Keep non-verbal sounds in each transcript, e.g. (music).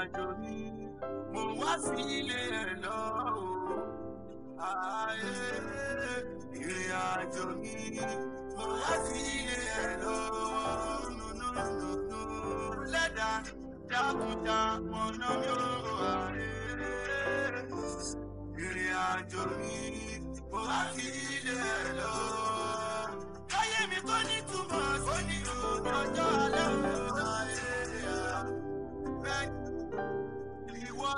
àjò mi mo wá sí ilé ẹ̀ lọ́wọ́ ààyè ìrìn àjò mi mo wá sí ilé ẹ̀ lọ́wọ́ nùnùnùnù lẹ́dà jákújá ọ̀nà mi ò ààyè ìrìn àjò mi mo wá sí ilé ẹ̀ lọ́wọ́. káyé mi tó nítumọ̀ sí ní ọjọ́ alẹ́ o.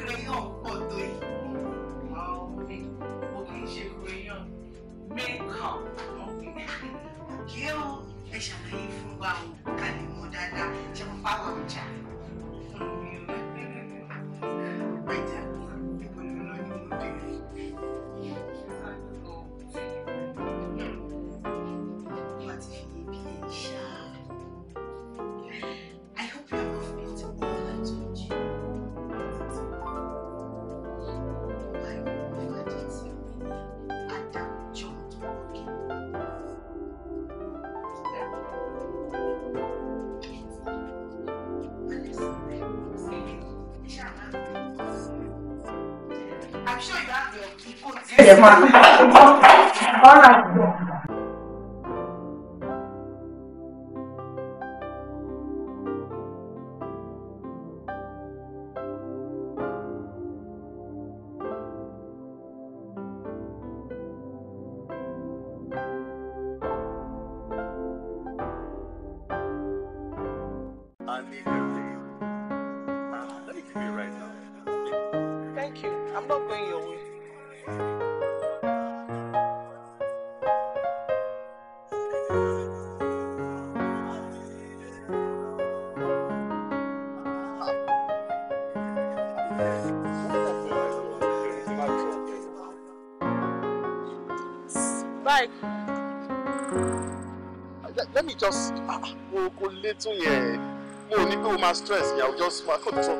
crayon pọ̀ tó yìí àwọn obìnrin obìnrin crayon makeup wọn pè é òkè o ẹ ṣàlàyé fún wa o ká lè mọ̀ dáadáa ṣe mo bá wà ọjà fún mi o ọjà níbo ni wọn ní mo bẹ̀rẹ̀. lé tún yẹn mo ní pé o máa stress yẹn àwùjọ sún wa kò tó.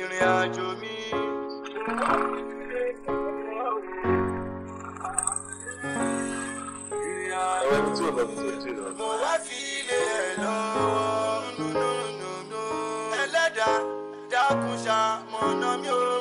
ìrìn àjò mi. mo wá fi ilé ẹ̀ lọ́wọ́ ẹlẹ́dàá dákun ṣamọ̀nà mi ò.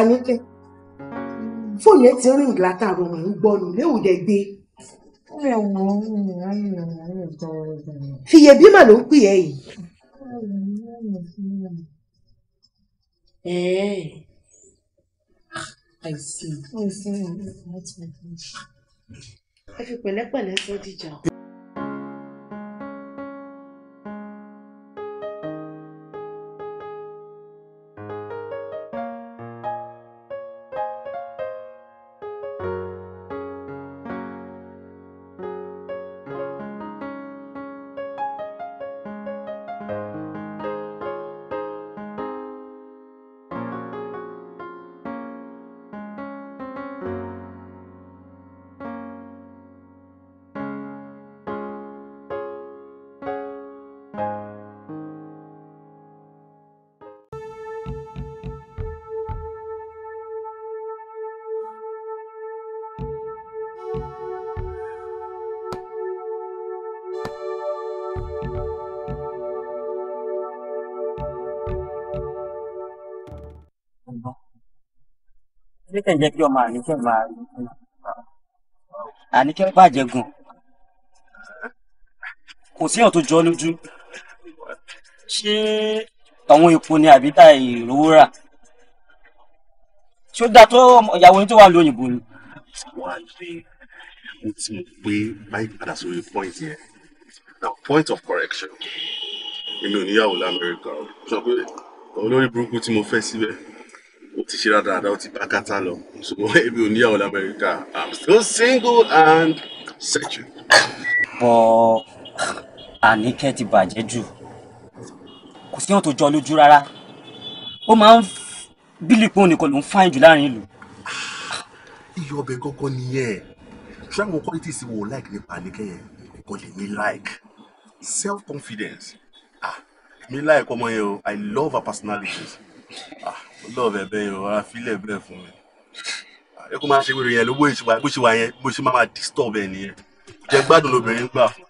àníkẹ́ fóònù ẹ ti rìn látàrọ mò ń gbọ́nu léwu dẹ̀ gbé. fìyèbí mà ló ń pè yìí. I see. I see. Ẹ fi pẹ̀lẹ́pẹ̀lẹ́ sọ dìjà. pé kàn jẹ́ kí ọmọ àníkẹ́ máa rí àníkẹ́ bàjẹ́ gùn kò sí ọ̀ tó jọ lójú ṣé àwọn epo ni àbí tá ìrówó rà ṣé ó dá tó ìyàwó yín tó wà lóyìnbó ni. wàá ṣe mo ti mọ̀ pé báyìí padà sórí point yẹn na point of correction èmi ò níyàwó lamẹ́ríkà sọ pé olórí burúkú tí mo fẹ́ síbẹ̀ ó ti ṣe dáadáa ó ti bá kátà lọ so èmi ò níyàwó lamẹ́ríkà i'm still single and searching. bọ àníkẹ́ ti bàjẹ́ jù kò sí hàn tó jọ lójú rárá ó máa ń bílípọ̀ nìkan ló ń fáyín jù láàrin ìlú. iyọ̀ ọbẹ̀ kankan nìyẹn travel qualities wo like nípa àníkẹ́ yẹn kò lè mi like self confidence ah mi like ọmọ yẹn o i love her personality ah lọ́ọ̀bẹ̀ bẹ́ẹ̀ yọ ara filẹ̀ bẹ́ẹ̀ fún mi ẹ kó máa ṣe wèrè yẹn lówó ìṣúwà bó ṣe wà yẹn bó ṣe máa máa disturb ẹ nìyẹn jẹ gbádùn lóbìnrin gbà fún.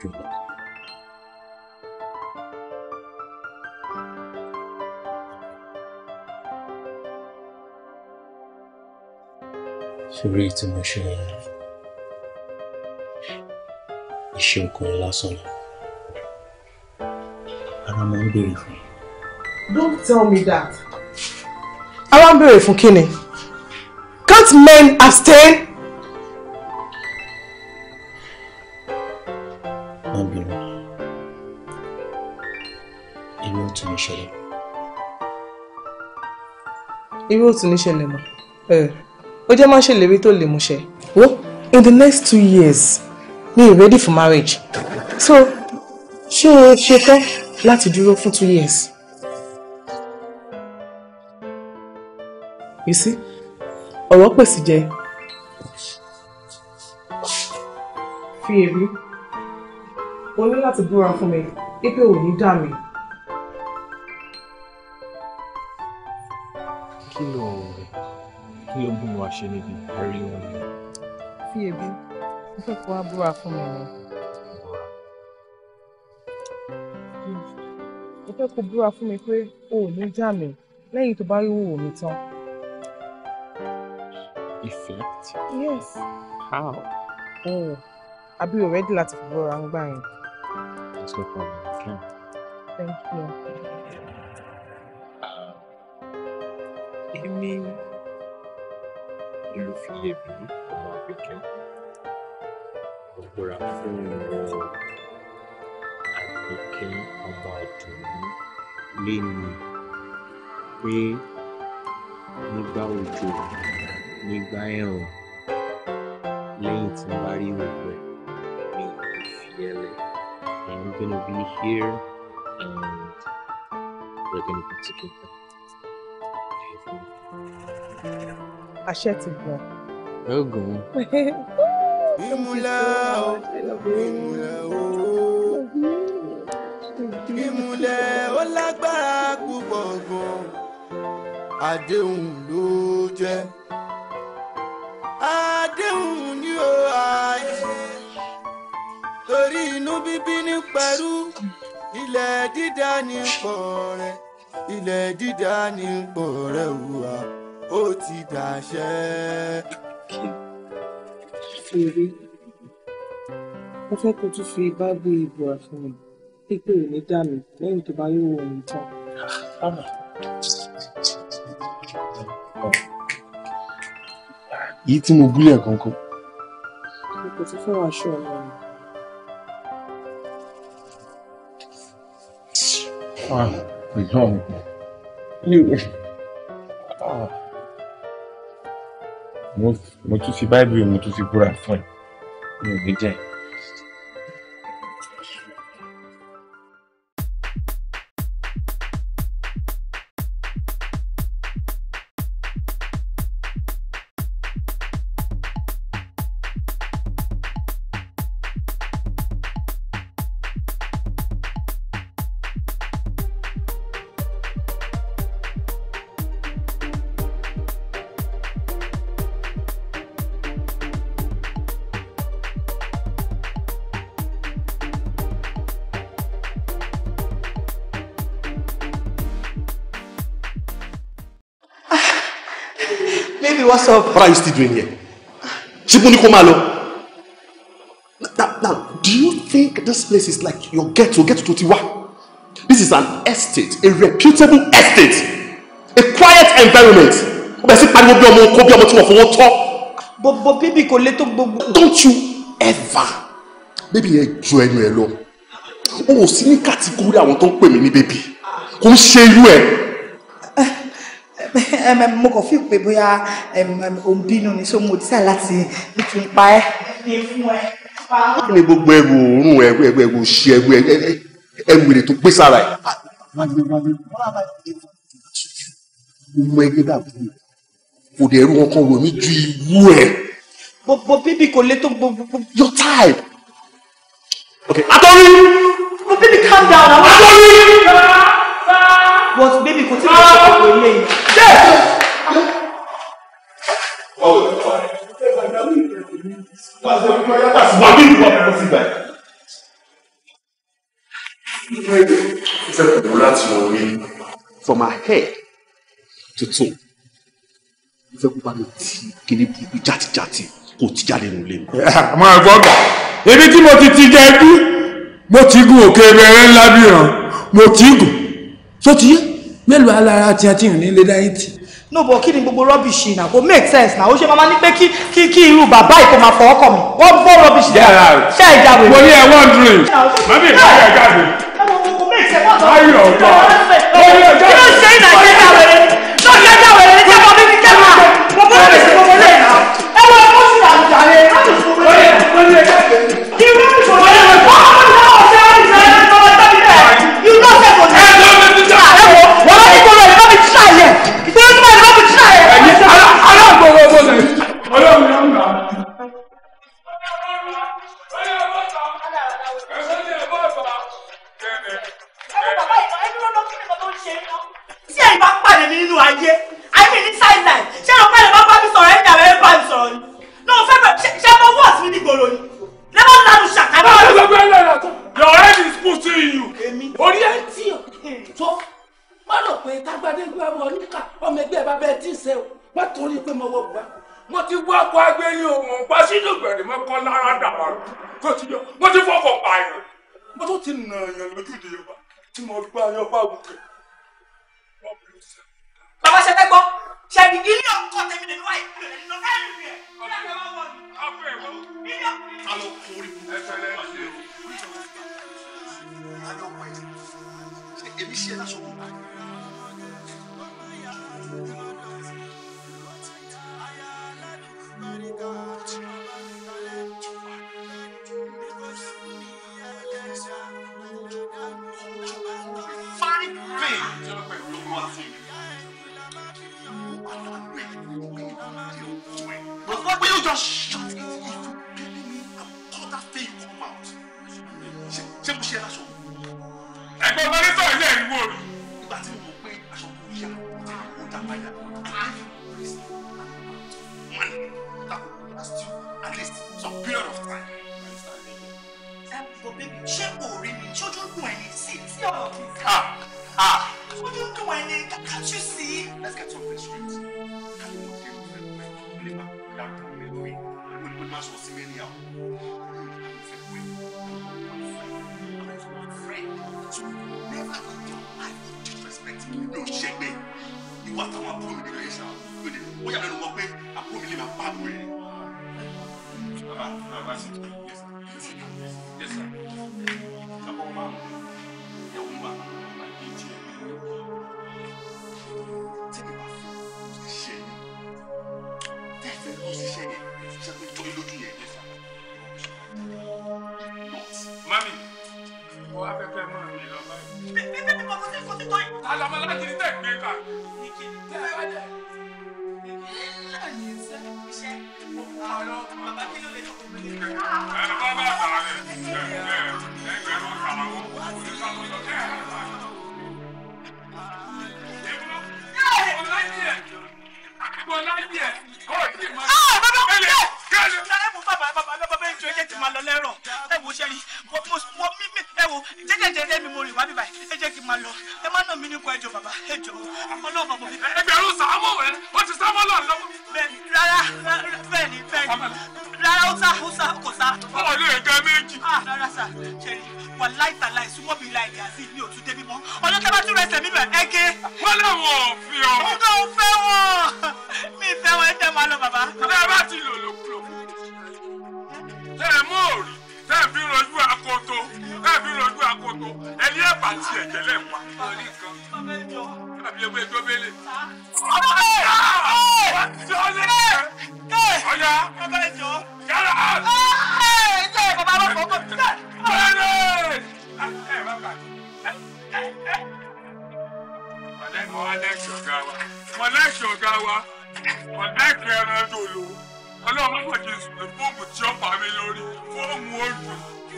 Thank you. sórí tí mo ṣe iṣẹ́ ọkùnrin lásán lọ. Ara máa ń béèrè fún. Don't tell me that. Ara ń béèrè fún kí ni? Can't men abstain? Má bínú. Irú ò tún ní ṣẹlẹ̀. Irú ò tún ní ṣẹlẹ̀ mọ́ ó ma má ṣèlérí tó lè múṣẹ. wo in the next two years me ì ready for marriage so ṣé o ṣetán láti dúró fún two years. you see ọ̀rọ̀ pèsè jẹ fi èrí o ní láti búra fún mi pípé ò ní dà mí. ṣe níbi àárín wọn ni. fi èbí mo fẹ́ kó wá búra fún mi ni. mo fẹ́ kó búra fún mi pé o ò ní já mi lẹ́yìn tó bá rí wòwò mi tán. effect. yes. how. oh àbí o ready láti fi búra ń gbà yẹn. that's no problem i can. thank you. èmi. Um, Adéyẹbí I'm gonna be here and we're gonna be together. Àṣẹ ti gbọ́ yóò gùn. ó lágbára púpọ̀ gan àdéhùn ló jẹ́ àdéhùn ni ó ààyè torí inú bíbí ní pẹ̀lú ilẹ̀ dídá ní pọ̀ rẹ̀ ilẹ̀ dídá ní pọ̀ rẹ̀ wùwà ó ti dàṣẹ́ fi rí mo fẹ́ kó tún fi báàbù ìbò àfihàn pípé ò ní dànù lẹ́yìn tó bá yóò wọ ohun tán. èyí tí mo gúlẹ̀ kankan. mo kò tún fẹ́ wàá ṣọ́ ọmọ mi. Ah, my God. You. mo tún fi báìbù mo tún fi búra fún ẹ mi ò ní jẹ́ wá serve rice ti dùn yẹn ṣé mo ní kó máa lọ. now do you think this place is like your ghetto ghetto tó ti wá this is an estate a reputable estate a quiet environment But bẹ̀ sí don't you ever baby, yẹn me alone? Oh, lọ o ò sí baby. kàtíkúrú àwọn you? mo kàn fi pé bóyá òun bínú ni so mo dísà láti ní pa ẹ. kí ni gbogbo ẹrù òórùn ẹrù ẹrù ẹrù ṣe ẹrù ẹrù èrè tó gbé sára ẹ. mo ẹgbẹ́ dàbí kò dẹ̀ ẹrù ọkàn rò mí ju irú ẹ. gbogbo bíbí kò lè tó gbogbo. your type. okay atọ́rí. But baby, calm down. I'm sorry. Was baby continue to talk to me? From her head to toe. Mo fẹ́ kó bá mi ti kiri burúkú játijàti kò ti jáde nù lẹ́nu. (laughs) Àmọ́ ẹ̀gbọ́n gbà, ebi tí mo ti ti jẹ ẹbí, mo ti gun òkè bẹ̀rẹ̀ ńlá bí ràn, mo ti gùn. Sọ ti yé? mélòó alára tí a ti rìn nílé dáyé tì. no but kí ni gbogbo rọ́bìṣì náà kò make sense náà ó ṣe máa ní pé kí kí kí irú bàbá ìkó máa fọ ọkọ mi wọ́n bọ́ rọ́bìṣì náà ṣe é jáde. mo ní ẹ wọ́n dùn mami ìgbà yẹn jáde. ayọ̀ ọ̀gá ayọ̀ ọ̀gá kí ló ṣe é náà jẹ́ jáwèrè náà jẹ́ jáwèrè ní jẹ́ bọ́bí ní jẹ́ máa mo bọ́ rẹ̀ sí gbogbo ayé ayé mi ní sideline ṣé o fẹ́ lè bá bá mi sọ̀rọ̀ ẹ̀yìn àwọn ẹ̀rọ bá mi sọ̀rọ̀ ni ní o fẹ́ bẹ̀ ṣé mo wọ̀ sí ní gbòòrò ni lẹ́bà ń lanu ṣàkà. báwo ló gbé lọ yàtọ̀ your head is pushing you. èmi orí ẹ̀ ń tì ọ́ tó hmm. má lọ pé tágbádé gbé ọmọ oníkà ọmọ ẹgbẹ́ bá bẹ́ẹ̀ tí ì sẹ́ o má torí pé mo wọ bùbá mo ti wá ọkọ̀ agbẹ́yìn o mò ń pa sínú gbẹ̀rẹ̀ mọ́kọ́ lára dàbà tó ti yọ mo ti fọkàn pààyàn mo tó bàbá ṣe fẹ́ gbọ́ ṣebí ilé ọkọ tẹ̀mí lè wáyé lọ fẹ́ẹ́ rìn rẹ̀ èmi ṣe é lásán wọn. will you just shut it if you believe me and call that thing come out ṣé mo ṣe aṣọ. ẹ̀gbọ́n ọmọdé sọ̀rọ̀ ilé ẹ̀rí wò rí. ìgbà tí mo mọ̀ pé aṣọ kò yá ó dá padà money that will last you at least some period of time. ṣé kò rí mi ṣojú dùn ẹni sí tí ọ̀rọ̀ mi ká. ṣojú dùn ẹni can't you see. let's get the straight. ó yà lẹ́nu mọ́ pé àbúrò mi lè máa pa àbúrò yẹn. bàbá bàbá sì tún.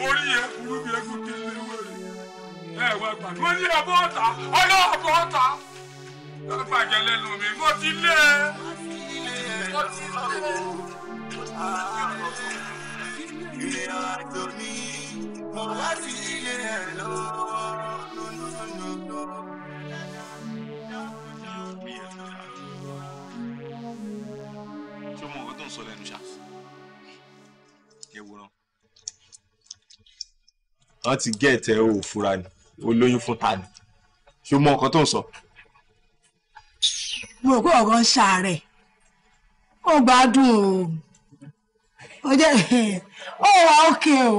orí yẹn burú bí ẹkú kéde wẹrẹ ẹ wẹ gbà mo ní ẹbọ ọta ọlọ́ọ̀bọ ọta ẹ gbàjẹ́ lẹ́nu mi mo ti lé e. mo ti lé e. ilé àjò mi mo wá sí ilé ẹ lọ. ṣé o mọ̀ ọ́ tó ń sọ lẹ́nu ṣá? ẹ wòran wọ́n ti gé ẹ̀tẹ̀ ò fura ni olóyún fún ta ni ṣé o mọ nǹkan tó ń sọ. mo kó ọ̀rọ̀ ń ó gbádùn o ó jẹ́ ó wà ókè o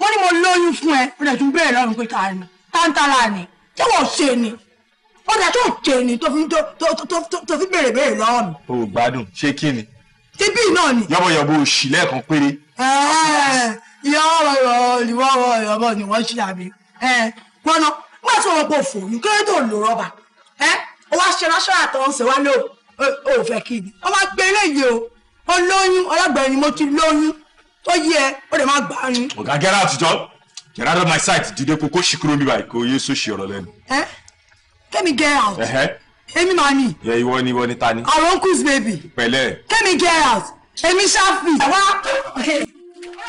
wọ́n ní mo lóyún fún ẹ ó dẹ̀ tún bẹ̀rẹ̀ lọ́rùn pé ta ni tántàlà ni ṣé wọ́n ṣe ni ó dẹ̀ tó ṣe ni tó fi tó fi bèrè bèrè lọ́wọ́ o gbádùn ṣé kí ni. tíbí náà ni. yọ̀bọ̀yọ̀bọ̀ òṣì lẹ́ẹ̀kan péré. ẹ̀ẹ́ ìyàwó ọ̀rọ̀ ìwọ ọ̀rọ̀ ọ̀bọ ni wọ́n ṣì àbí ẹ gbọ́nà nígbà tí wọ́n pọ̀ fò kéré tó lò rọ́bà ẹ ó wá ṣe ránṣẹ́ àtọ̀húnṣe wá ló ò fẹ́ kí ni ó máa gbé eléyìí o ó lóyún ọlọ́gbẹ̀rẹ̀ ni mo ti lóyún tó yí ẹ ó lè má gbà á ní. ọ̀gá get out jọ get of my sight dìde kókó ṣìkúrò mi báyìí kò yé so ṣe ọ̀rọ̀ lẹ́nu. ẹ kẹ́mi get out èmi máa ní. yẹ ìwọ ni ìwọ ni ta ni. our uncle's baby. pẹ̀lẹ́. kẹ́mi get out èmi ṣáà fi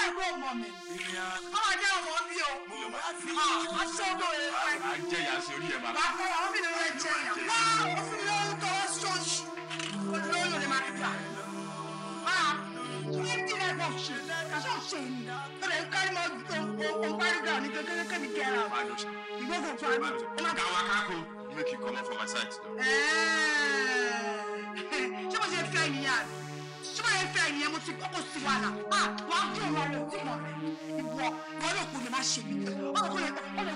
ìlú ọmọ mi. ọmọ ah, jẹ́ ọmọ bí o. a ṣe ọdọ rẹ pẹ́. a jẹ ìyá sí orí ẹ máa. bàbá àwọn mi lè jẹ ìyá. wá òfin lóyún tọwọ́ ṣọ́ọ̀ṣì. olóyún ni màá gbà. máa kúrẹ́ dílé bọ̀ ṣe kàṣọ ṣe ni. ó lè kárí mọ́ òǹparígà ní kékeré kébì kẹ́ra. ìgbésẹ̀ tó a ní. káwọn akáko make you come out from my side. ṣé mo ṣe fẹ́ yìí yára ẹ fẹ́ ìyẹn mo ti gbọ́ kò sí wàhálà á ah, wà á jẹ́ ìwà rẹ̀ òtí mọ̀ rẹ̀ ìwọ wọn lè kó lè má ṣe mí wọn kó lè kó lè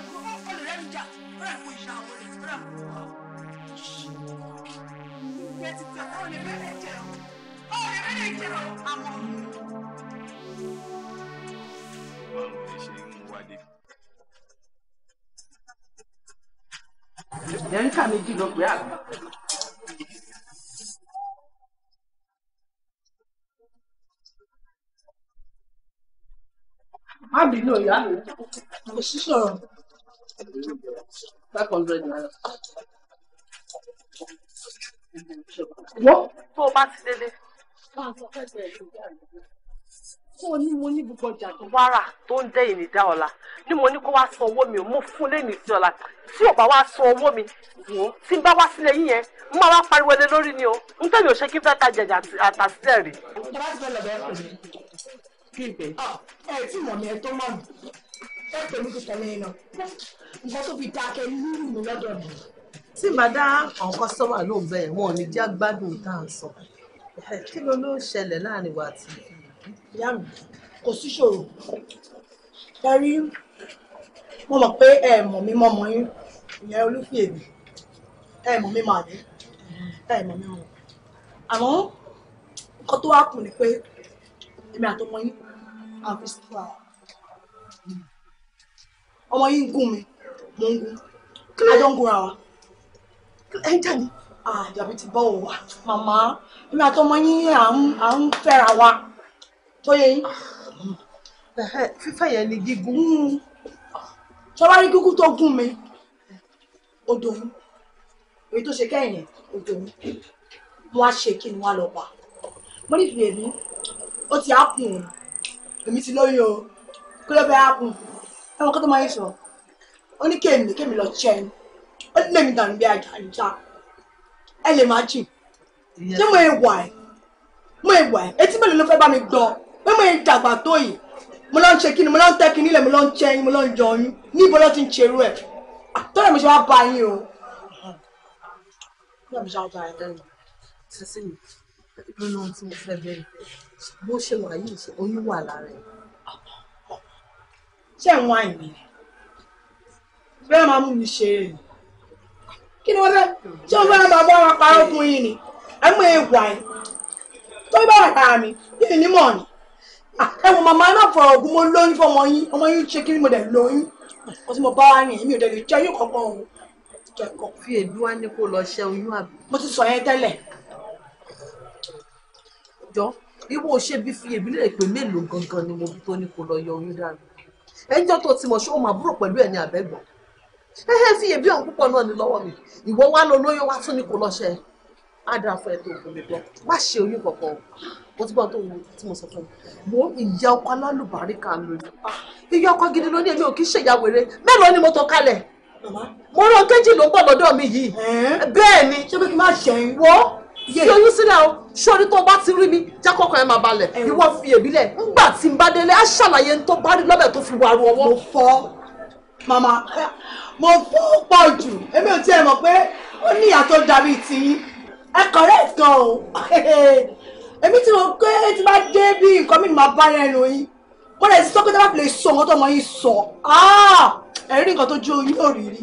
rẹ́ mi jà rẹ̀ kó ìyá wọn rẹ̀ rẹ̀ kó wà. ìyẹn ti tẹ̀ ọ́ lè bẹ́ẹ̀ jẹ́ ọ́ lè bẹ́ẹ̀ jẹ́ ọ́ àmọ́. báwo ni ṣe ń wádìí. ẹ̀ ń kà méjì lọ pé àgbà. má bínú ìyá mi kò sí sọ̀rọ̀ five hundred naira. wọ́n. tó o bá ti délé. máa sọ fẹ́ bẹ̀rẹ̀ ìgbà fún ní mo ní gbogbo ọjà tó wára tó ń dẹ́yìn ní dá ọ̀la ni mo ní kó wá san owó mi mo fún lẹ́yìn sí ọ̀la tí ò bá wá san owó mi tí n bá wá sílẹ̀ yín yẹn n máa wá pariwo lé lórí ni o n tẹ̀lé òṣèkí fẹ́ ta jẹ̀jà àtàsílẹ̀ rè. ìjọba ti fẹ́ lọ fún mi. Ah, Ẹ tí mọ̀ mi ẹ tó mọ̀ mi. Ẹ pè mí ti tẹ̀lé iná. Nǹkan tó fi dáa kẹ́ lúrù mi lọ́dọ̀ mi. Tí màá dá àwọn kọ́sọ́mà ló bẹ̀ wọ́n ní já gbádùn tá à ń sọ. Kí ló ló ṣẹlẹ̀ láàrin wa àti ìyá mi? Kò sí ṣòro. Ẹ mo mọ̀ pé ẹ mọ̀ mi mọ́ mọ́ yín. Ìyá Olúfìyèbí. Ẹ mọ̀ mi mọ̀ àdé. Ẹ mọ̀ mi mọ̀. Àmọ́ nǹkan tó wá kù ni pé èmi àtọmọ yín and his pride. ọmọ yìí ń gún mi mo ń gún ah, ń gúnra wa. ẹ ń jáde. àjàbí ti bọ́ òun wá màmá èmi àti ọmọ yín à ń fẹ́ra wa tó yẹ yín. fífẹ́ yẹn ni gígùn. sọ́wọ́n hmm. rí kíkú tó gún mi odò yín èyí tó ṣe kẹ́yìn yẹn odò yín wọ́n á èmi ti lóyún o kí ló fẹ́ hápùn ẹ̀wọ̀n kó tó máa ń sọ ó ní kéèmì kéèmì lọ ṣẹ́ ẹ ó lè mi dànù bí ajá ìjà ẹ lè má jìn ṣé mo ẹ wà ẹ mo ẹ wà ẹ etí mélòó ló fẹ́ bá mi gbọ́ pé mo ẹ dàgbà tó yìí mo lọ ń ṣe kíni mo lọ ń tẹ́ kíni ilẹ̀ mo lọ ń jẹ yín mo lọ ń jọ yín ní ibo ló ti ń ṣerú ẹ̀ tọ́lá mi ṣe wá bá yín o. tọ́lá mi ṣe ló lóhun tí fẹ́ bẹ́ẹ̀ bó ṣe wà yìí ṣe oyún wà lára ẹ̀. ṣé ń wá ìmì ni bẹ́ẹ̀ máa mú mi ṣe é ni kí ni wọ́n fẹ́ ṣé wọ́n fẹ́ máa bọ́ wọn parọ́ fún yín ni ẹ mú ewu àyè tó bá wà lára mi yìí ni mọ̀ ni ah, ẹ wọ màmá náà fọ̀rọ̀ ògùn mo lóyún fọmọ yín ọmọ yín ṣe kí ni mo dẹ̀ lóyún mo ti mọ bá wa ní èmi ò dẹ̀ jẹ́ yóò kọ́kọ́ o kẹ́kọ̀ọ́. fi èdú wá ní kó lọ ṣẹ́ oyún àbí. mo ti sọ yẹn tẹ́lẹ̀. jọ ìwọ ò ṣe bí fi èmi lè pè mélòó gangan ni mo bí tó ní kó lọ yọ oyún dànù ẹjọ́ tó ti mọ̀ ṣé ó máa búrò pẹ̀lú ẹ̀ ní àbẹ́gbọ̀n ẹ̀hẹ́ fi èbí ọ̀hún púpọ̀ náà ní lọ́wọ́ mi ìwọ wá lọ lóyún wá tún ní kó lọ ṣe á dá fún ẹ tó kò lè gbọ́ má ṣe oyún kankan o ti gbọ́ tó wù tí mo sọ fún mi mo ìyá ọkọ alálùbáríkà ń lò ní ah, ìyá ọkọ gidi ló ní èmi ò kí ń ṣèyàwó eré mélòó ni mo tọ kalẹ̀ mo rán kéjì ló ń bọ̀ lọ́dọ̀ mi yìí bẹ́ẹ̀ ni ṣé bí kí n má ṣẹ́yìn wọ́ fi oyún sílẹ̀ o sori tó bá ti rí mi jákọ́kọ́ yẹn máa balẹ̀ ìwọ fi èmi lẹ̀ ńgbà tí n bá délé á ṣàlàyé n tó bá rí lọ́bẹ̀ tó fi wàrú ọwọ́. mo fọ́ màmá mo fọ́ pọ̀ jù èmi ò tiẹ̀ mọ̀ pé ó ní ìyá tó darí ti ẹ correct gan o (laughs) èmi ti mọ̀ pé tí bá dé bí nǹkan mi máa bá lẹ́nu yín mo lè bá fi lè sọ nǹkan tó mọ̀ yín sọ ah! ẹ̀rí nǹkan tó jó yín ò rí rí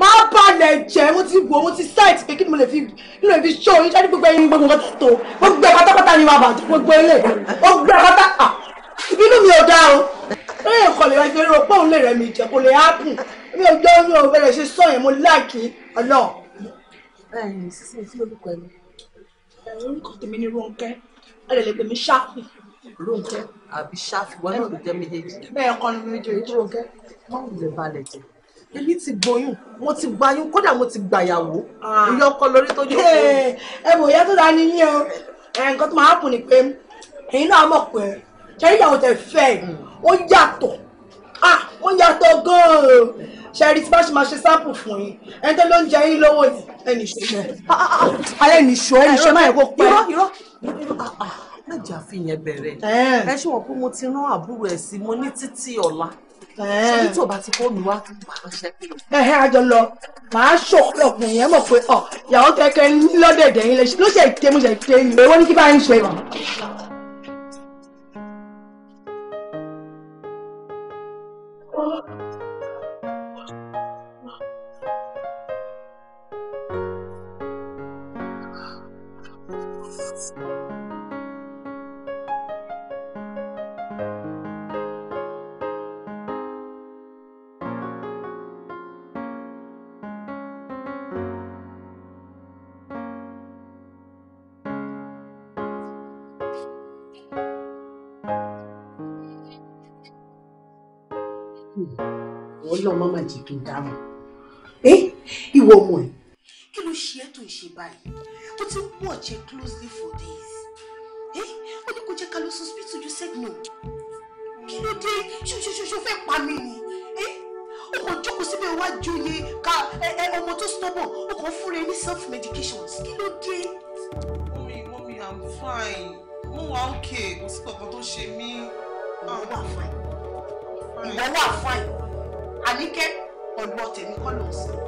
máa balẹ̀ jẹ́ mo ti wò mo ti sáìtì pé kí ni mo lè fi kí ni mo lè fi ṣó oyún jáde gbogbo ẹyin gbogbo nǹkan tó gbogbo ẹ pátápátá ni wàá bàjẹ́ gbogbo ilé gbogbo ẹ pátá à ìbínú mi ò dá o lórí ẹ̀kọ́ lè fi rò pé òun lè rẹ̀ mi jẹ́ kò lè hápùn mi ò gbọ́ mi ò bẹ̀rẹ̀ ṣe sọ yẹn mo láàkì ọlọ́. bẹ́ẹ̀ni sísè kí olùkọ́ ẹ orúkọ tèmi ni Rónkẹ́ ẹ lè pè mí ṣáfì. Rónkẹ́ àbí ṣáfì wọn náà ló jẹ méjèèjì. bẹ́ẹ̀ kọ́ ni méjèèjì. Rónkẹ́ wọn ò lè balẹ̀ jẹ́ èmi ti gboyún mo ti gbayún kódà mo ti gbàyàwó ah. ìyá ọkọ lórí tó jẹ òkú. ẹ bò yẹ tó dáa ní yín o nǹkan tó máa hàpù ni pé èyí náà mọ̀ pé ṣẹ́rí ìyàwó tẹ̀ fẹ́ ẹ̀ ó yàtọ̀ ah, ó yàtọ̀ gan-an ṣẹ́rí tí bá ṣe máa ṣe sáàpù fún yín ẹni tó ló ń jẹ yín lọ́wọ́ yìí ẹni ìṣó. ayé ẹni ìṣó ẹni ìṣó máa yẹ kó pẹ́. irọ́ irọ́ mẹ́jà fi yẹn bẹ̀rẹ̀ ẹ ṣe wọ́n pé mo ti rán àbúrò ẹ̀ sí mo ní títí ọ̀la ṣé tí bá ti fóònù wá tó ṣe pé. àjọ lọ màá ṣòkòlò fún yẹn mọ̀ pé ọ ìyàwó kẹ̀kẹ́ lọ́dẹ̀dẹ̀ yín ló ṣe é ké mo ṣe é ké ìwé wọ́n ní kí bá yín ṣe é. ọmọ máa jẹ kí n dá mọ̀ ẹ ìwọ ọmọ ẹ kí ló ṣe é tó ń ṣe báyìí ó ti ń watch ẹ closely for days ẹ eh, ó ní kó jẹ́ ká lọ sí hospital you said no kí ló dé ṣoṣoṣoṣo fẹ́ pa mí ni ẹ ó kàn jókòó síbẹ̀ wá joyè ká ọmọ tó stubborn ó kàn fúnra ẹ ní self medication kí ló dé. mọ́mí mọ́mí i'm fine mo wà okay kò sí kankan tó ṣe mí. ìwọ wà fine ìwọ wà fine. Anike ọ̀dọ̀ tèmi kọ́ ló ń sìn.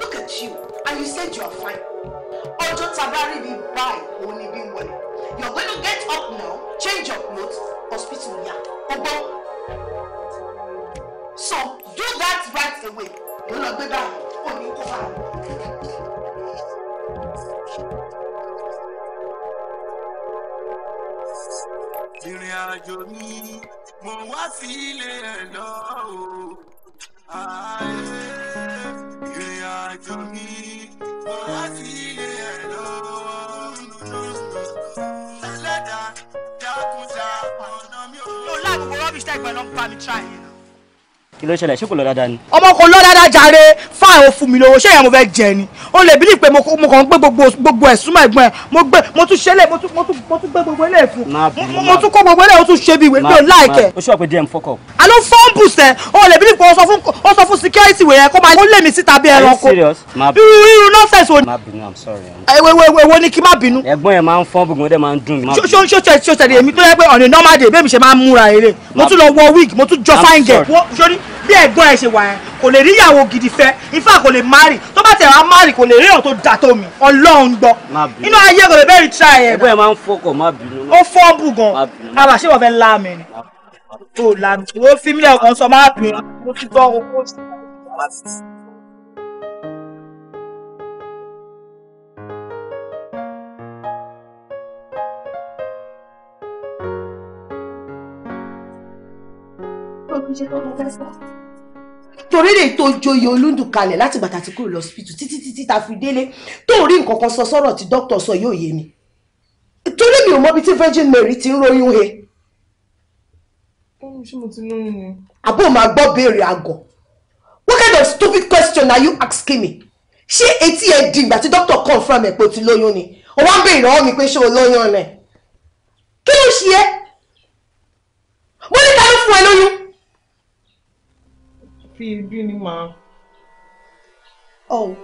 Look at you and you said you are fine. Ọjọ́ tabari bíi báyìí òun ni bí wọlé. You are going to get up now, change your clothes, hospital ya. O So do that right away. Mo lọ gbé báyìí, ó ní kó báyìí. ìrìn àjò mi mo wá sí ilé ẹ̀ náà o. ìrìn mi mo wá sí ilé ẹ̀ náà. ẹlẹ́dàá dákúta ọ̀nà mi ò. lọ́la gbogbo rọ́bìṣì tẹ́gbẹ̀ẹ́ ló ń pa mi tíráyìn kí ló ṣẹlẹ̀ ṣé kò lọ dáadáa ni. ọmọ kò lọ dáadáa jàre fáà ó mi lówó ṣé ìyá mo fẹ́ jẹ ni o lè bílí pé mo kàn ń gbé gbogbo ẹ̀sùn mọ́ ẹ̀gbọ́n ẹ̀ mo gbé mo tún ṣẹlẹ̀ mo tún gbé gbogbo ilé fún mo tún kó gbogbo ilé o tún ṣe bí ìwé mi láìkẹ́. o ṣọ́ pé jẹ́ n fọ́kọ̀. alo fọ́n bù sẹ́ o lè bílí pé o sọ fún security wẹ̀ yẹn kó máa lé mi síta bí ẹranko irú nọ́ọ̀sẹ̀sì òní. ewo ni kí má bínú. ẹ̀gbọ́n ẹ̀ máa ń fọ́n bùgbọ́n dẹ̀ máa ń dùn mí. ṣó ṣẹlẹ̀ èmi tó yẹ pé ọ̀nà normal day bẹ́ẹ̀ mi ṣe máa ń múra eré mo tún lọ wọ wig mo tún jọ fáìngẹ̀ sórí bí ẹ̀gbọ́n ẹ̀ ṣe wà yẹn kò lè rí ìyàwó gidi fẹ́ ifá kò lè márì tó bá tẹ̀ wá márì kò lè rí ọ̀n tó dà tó mi ọlọ́run gbọ́ inú ayé kò lè bẹ́ẹ̀ rí tíra ẹ̀. ẹgbẹ́ ẹ máa ń fọkọ̀ má bínú. ó fọ́ bù gan abà ṣé wọ́n fẹ́ lá ni tó lanu ìwé fímílẹ̀ ọkàn sọ má bínú torí lè tó joyè olúndùn kalẹ̀ láti gbàtà tí kúrò lọ sípìtù títí títí ta fi délé tó rí nǹkan kan sọ sọ́rọ̀ tí dókítà sọ yóò yé mi torí mi ò mọbi tí Virgin Mary ti ń ròyìn he. ṣé mo ti lóyún ni. àbó máa gbọ́ béèrè àgọ̀ what kind of stupid question are you asking me ṣé etí ẹ di ìgbà tí dókítà confirm ẹ̀ pé o ti lóyún ni o wá ń béèrè lọ́wọ́ mi pé ṣé o lóyún ọ̀nà ẹ̀ kí ló ṣe é wọ́n ní ta ló fún ẹ lóyún. Fiebi ni ma. Oh,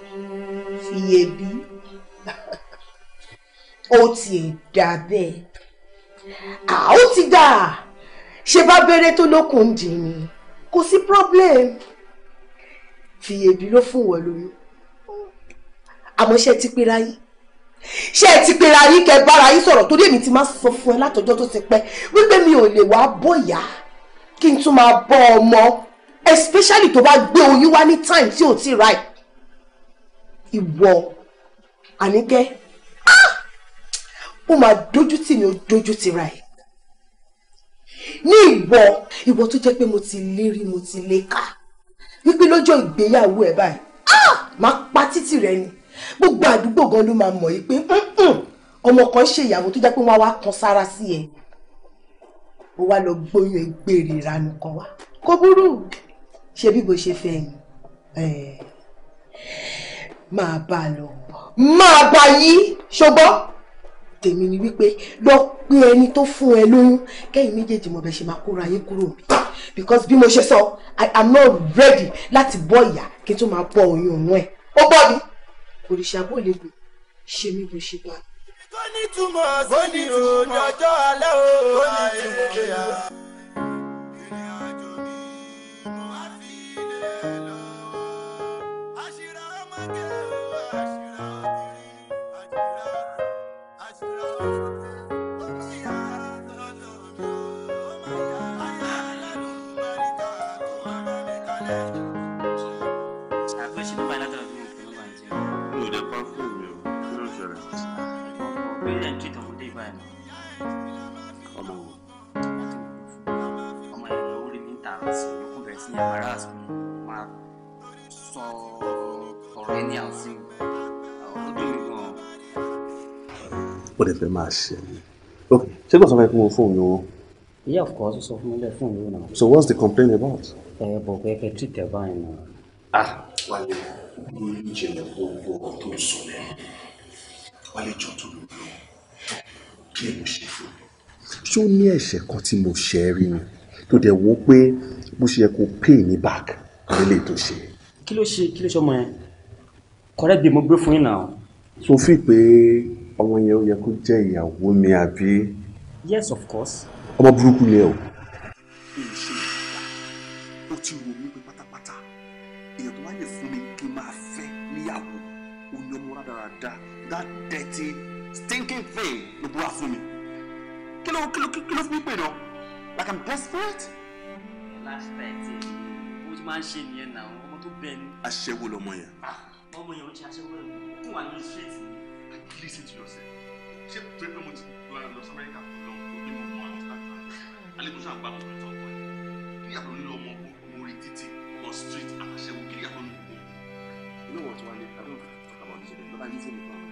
Fiebi. Ó ti dà bẹ́ẹ̀. À ó ti dà. Ṣé bá bẹ̀rẹ̀ tó lókun dì ni? Kò sí problem. Fiebi ló fún wọ lóyún. Àmọ́ ṣé ti pera yín? Ṣé ẹ ti pera yín kẹ bára yín sọ̀rọ̀ torí èmi ti máa sọ fún ẹ látọjọ́ tó ti pẹ́ wípé mi ò lè wá bóyá kí n tún máa bọ́ ọmọ especially tó bá gbé oyún wá ní time tí ò tí ra ẹ̀ ìwọ àníkẹ́ ah! ó máa dójú tì mí ó dójú tì ra ẹ̀ ní ìwọ ìwọ tó jẹ́ pé mo ti lérí mo ti lè kà wípé lọ́jọ́ ìgbéyàwó ẹ̀ báyìí ah! máa pa títì rẹ ni gbogbo àdúgbò gan ló máa mọ̀ yìí pé ọmọ kan ṣe ìyàwó tó jẹ́ pé wọ́n wá kan sára sí ẹ ó wá lọ gbóyún ẹgbẹ́ ìranu kan wá kò burú ṣe bí bó ṣe fẹ́ yín máa bá a lọ máa bá yí ṣọgbọ́ tèmi ni wípé lọ pé ẹni tó fún ẹ lóyún kẹ́yìn méjèèjì mọ̀ bẹ́ẹ̀ ṣe máa kóra yín kúrò mi because bí mo ṣe sọ i am not ready láti bọ́ ìyá kí n tó máa bọ́ oyún òun ẹ̀ ó bọ́ mi òrìṣà bò ṣe mí bó ṣe bá mi. ó ní túmọ̀ sí ìròyìn ọjọ́ alẹ́ òun àìlè. ó dẹ̀ fẹ́ máa ṣe mí ok ṣé kò sọ fún ẹ yeah of course sọ fún the phone yìí náà. so what's the complaint about. ẹ bọ̀ pé kẹ́ treat the báyìí náà. ah wálé lórí ìjìnlẹ̀ the ọkọ̀ tó ń sọ lẹ́nu wálé jọ tó lò lọ kí ẹ mo ṣe fún mi. ṣó ní ẹ̀ṣẹ̀ kan tí to ṣe rí ni tó dẹ̀ pay me back lélẹ̀ tó ṣe. kí ló ṣe kí ló ṣe ọmọ yẹn correct bí mo gbé fún so fi pé ọmọ yẹn ó yẹ kó jẹ́ ìyàwó mi àbí. yes of course. ọmọ burúkú ni ẹ o. ti wò mí pé pátápátá èèyàn tó wá lè fún mi kí n máa fẹ́ níyàwó ó ní that dirty stinking thing ló búra fún mi kí ló kí ló kí ló fún mi pè náà like i'm desperate. last thirty eh, ó máa ń ṣe nìyẹn náà ọmọ tó bẹ ni. aṣẹ́wó lọmọ yẹn. Ah, ọmọ yẹn ó ti aṣẹ́wó rẹ̀ kún wa ní street listen to yourself ṣé pé pé mo ti gba lọ sí amẹ́ríkà kò lọ kó pé mo mọ àwọn sábà alẹ́kùn sáà bá ọkùnrin tó ọkọ yẹn kí yàtọ̀ nínú ọmọ ọmọ orí títì ọmọ street àtàṣẹwò kí yàtọ̀ nínú ọmọ. inú wọn tí wọn lè dábò àbọ̀ ní ṣẹlẹ̀ lọ́ba ní sẹ́yìn kan.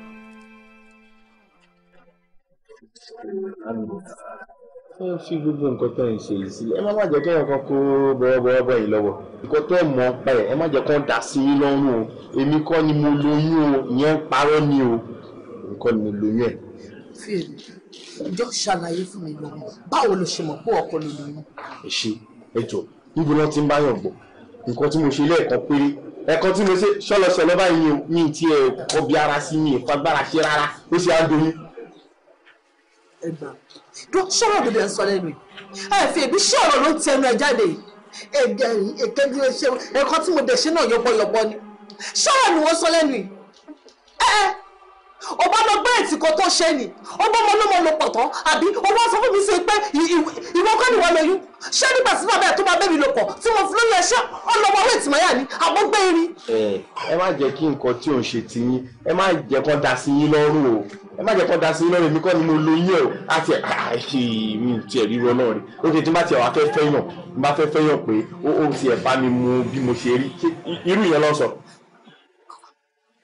ẹ fi gbogbo nǹkan tó ń ṣe yìí sílẹ̀ ẹ má má jẹ́ kí ẹ̀yàn kan kó bọ́ọ̀bọ́ọ̀ yìí lọ́wọ́ nǹkan tó ẹ̀ mọ́ pa ẹ má jẹ́ kó dà sí i lọ́rùn o èmi kọ́ ni mo lóyún o ìyẹn parọ́ ni o kọ́ ni mo lóyún ẹ̀. fèrè ìjọ ṣàlàyé fún mi lọ́wọ́ báwo lo ṣe mọ̀ pé ọkọ ló lóyún. ẹ ṣe ẹ jọ níbo náà ti ń báyọ̀ gbọ̀ nǹkan tí mo ṣe lẹ́ẹ̀kan péré ẹ̀kan tí mo ṣe ṣọlọṣọlọ báyìí mi ò tiẹ̀ ọbẹ̀ ara sí mi ìfagbára ṣe rárá ó ṣe á doyún ẹgbà sọ̀rọ̀ òdòdó ẹ̀ ń sọ lẹ́nu ẹ̀ fi èbí ṣé ọ̀rọ̀ ló ń ti ẹnu ẹ̀ jáde yìí ẹ̀gẹ̀ ẹ̀kẹ́ bí ó ṣe ẹ̀kọ́ tí mo dẹ̀ ṣe náà yọbọyọbọ ni sọ̀rọ̀ ni wọ́n sọ lẹ́nu yìí ọba lọ gbé ètìkọ tó ṣe nì ọba ọmọ ló mọ lọ pọ̀ tán àbí ọba sọ fún mi sí pé ìwọ kọ́ ni wọ́n lọ yún ṣé nígbà tí bàbá ẹ̀ tó máa bẹ́mi lò pọ̀ tí mo fi lóye ṣé ọlọ́wọ́ wẹ̀ tí màyà ni àbọ̀ gbé e irin. ẹ ẹ má jẹ́ kí nǹkan tí ò ń ṣe ti yín ẹ má jẹ́ kán da sí yín lọ́rùn o ẹ má jẹ́ kán da sí yín lọ́rùn èmi kọ́ ni mo lo yín o àti àìsí mi ti ẹ̀ ríro náà rí o kì í ti bá tiẹ̀ wá fẹ́ fẹ́ yàn bá fẹ́ fẹ́ yàn pé o ti ẹ̀ bá mi mu bí mo ṣe rí irú ìyẹn ló sọ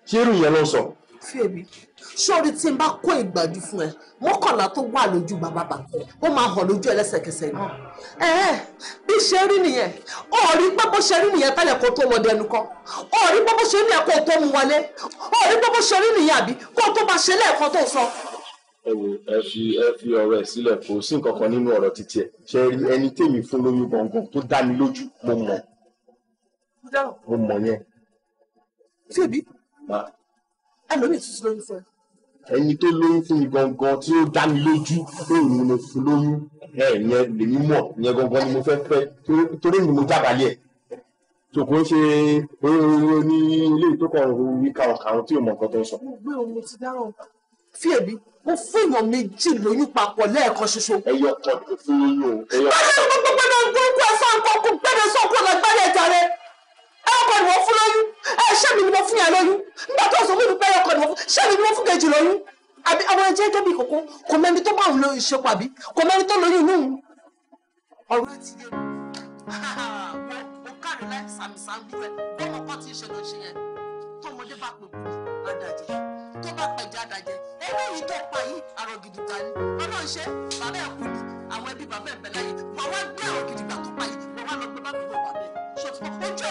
ṣé irú ìyẹn ló sọ. fèmí sórí tí n bá kó ìgbàdí fún ẹ e, mọ́kànlá tó wà lójú bàbá bàbá ó máa hàn lójú ẹ lẹ́sẹ̀kẹsẹ̀ ni. ẹ ẹ bí ṣe rí nìyẹn ó rí pé bó ṣe rí nìyẹn tẹ́lẹ̀ kó tó wọdẹ ẹnu kan ó rí pé bó ṣe rí nìyẹn kó tó mu wọlé ó rí pé bó ṣe rí nìyẹn àbí kó tó máa ṣe lẹ́ẹ̀kan tó sọ. ẹ wo ẹ fi ẹ fi ọ̀rọ̀ ẹ sílẹ̀ kò sí nǹkan kan nínú ọ̀rọ̀ títí ẹ ṣe rí ẹni tèmi fún lóyún gbọngàn tó dá mi lójú mo mọ mo mọ tuntun lórí fún ẹ ẹni tó lóyún fún mi gangan tí ó dá mi lójú lóyún ni mo fún lóyún ẹ ìyẹn lèmi mọ̀ ìyẹn gangan ni mo fẹ́ fẹ́ torí ni mo jábàálẹ̀ tó kò ń ṣe ní ilé tó kọ wíkà ọkàrún tí o mọ nǹkan tó ń sọ. mo gbé ohun ti dáràn fi èmi mo fún èèyàn méjì lóyún papọ̀ lẹ́ẹ̀kan ṣoṣo. ẹyọ kan tó fún yín o. báyọ̀ gbogbo gbọ́dọ̀ gbogbo ẹ̀fọ́ àkọ́kọ́ gbọ́dọ̀ sọ̀kọ́ lọ́gbàdẹ̀jà rẹ̀ ọkọ ni wọ́n fún lóyún ẹ ṣẹ́mi ni mo fún yà lóyún nígbà tó sọ wípé ọkọ ni mo fún ṣẹ́mi ni mo fún kejì lóyún àbí àwọn ẹ̀jẹ̀ kẹ́bí kòkó kò mẹ́ni tó bá òun lóyún ṣe pàbí kò mẹ́ni tó lóyún inú ọ̀rọ̀ ẹ̀ ti yé mi mo káre láì sàmì sàmì rẹ bọ́mọ kan ti ń ṣe ló ń ṣe yẹn tọmọdé bá pè kú adàjẹ tó bá pẹ̀jẹ́ adàjẹ eléyìí tó pa yìí àrò gidigba ni ọlọ́run ṣe bàbá ẹ̀ kú ni àwọn ẹbí bàbá ẹ̀ bẹ̀ láyé wàá wá gbé àrò gidigba tó pa yìí wàá wá lọ gbé bá mi lọ bàbá ẹ̀ ṣòtò ojú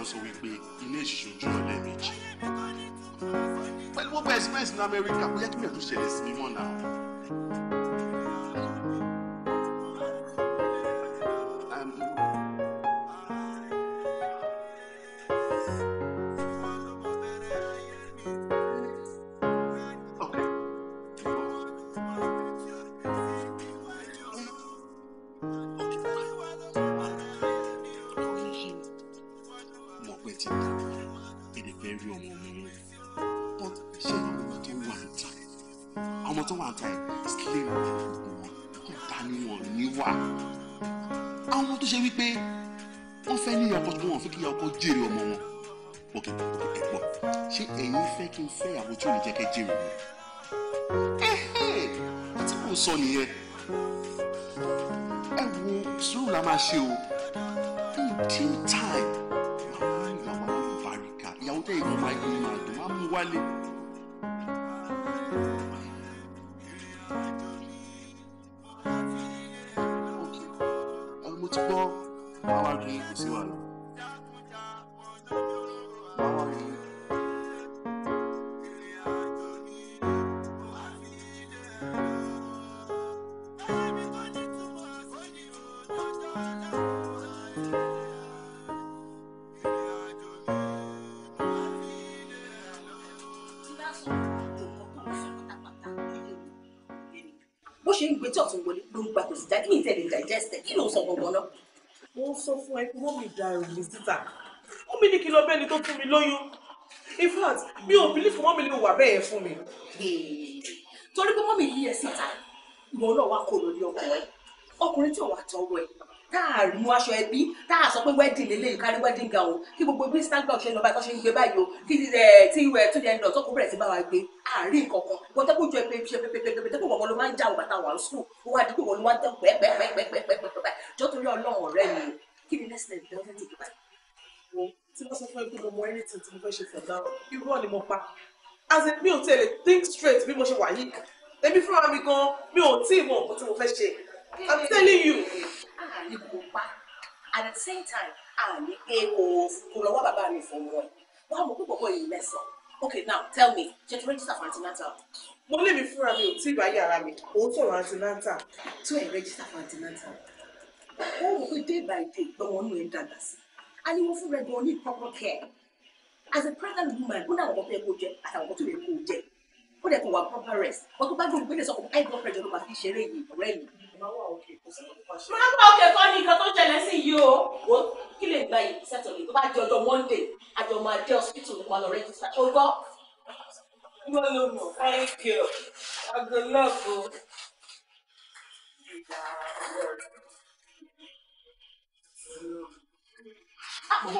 máa ń sọ wípé ilé ìṣiṣẹ́ ojú ọ̀lẹ́ méjì pẹ̀lú gbogbo expense ní Amẹ́ríkà kò kí mi ò tún ṣẹlẹ̀ sí mímọ́ náà. fún ẹ pé wọ́n mi da ẹrù mi síta wọ́n mi ní kí lọ bẹ́ẹ̀ tó fún mi lóyún in fact mi ò bílí fún wọ́n mi lè wà bẹ́ẹ̀ fún mi. torí pé wọ́n mi yí ẹ síta ìwọ náà wá kó lórí ọkọ ẹ ọkùnrin tí ò wà tọwọ ẹ tá a mú aṣọ ẹbí tá a sọ pé wedding lélẹ́yìn kárí wedding gown kí gbogbo bí stanley ọ̀ṣẹ́ lọ́ba ẹ̀kọ́ ń gbé báyìí o kí ti ẹ̀ tí ìwẹ̀ tó jẹ́ lọ tó kó bẹ̀rẹ̀ sí bá wa gbé àárín kankan wọ́n tẹ́kọ̀ jọ pé ṣe pépépépé tẹ́kọ̀ wọn ló máa ń já àwọn bàtà wà ní sùn ó wá dípò wọn ló máa ń tẹ́ pẹ́pẹ́pẹ́pẹ́pẹ́pẹ́ jọ́ torí ọlọ́run ọ̀rẹ́ mi kí next step delta take by. wo tí wọ́n sọ fún mi pé mo mọ anything tí mo fẹ́ ṣe for irú ọ̀ mo pa as in mi ò tẹ̀lé think straight bí mo ṣe wà yìí èmi fúnra mi gan mi ò tí ì mọ nǹkan tí mo fẹ́ ṣe i'm telling you. ààyè ah, kò pa at the same time àní pé kò kò lọ wá bàbá mi fún wọn wàá mọ̀ pé bọ̀bọ̀ yìí mẹ́sàn-án okay now tell me ṣe ti register for antenatal mo lè mi fúnra mi ò tí ì bá yàrá mi òun sọ̀rọ̀ antinanta tó ẹ̀ rẹ́jísítà fún antinanta ó wò pé day by day pé wọn nù ẹ dàgbà And you ní wọn fún rẹ proper care as a pregnant woman ó náà wọ́n fẹ́ kó jẹ àtàwọn ọkọ tó yẹ kó jẹ ó dẹ̀ kó wà proper rest wọ́n tó bá gbé òǹgbẹ́lẹ̀ sọ high blood pressure ló máa fi ṣeré yìí ọ̀rẹ́ mi. máa wà okay. kọ́ ní nǹkan tó jẹlẹ̀ sí yìí o wò ó kí lè gba yìí sẹ́tọ̀lì tó bá jẹ ọjọ́ Monday àjọ máa dé hospital ló máa lọ rẹ́jísítà ó gbọ́. wọ́n I'm mọ̀ thank you agolọ́ọ̀bù.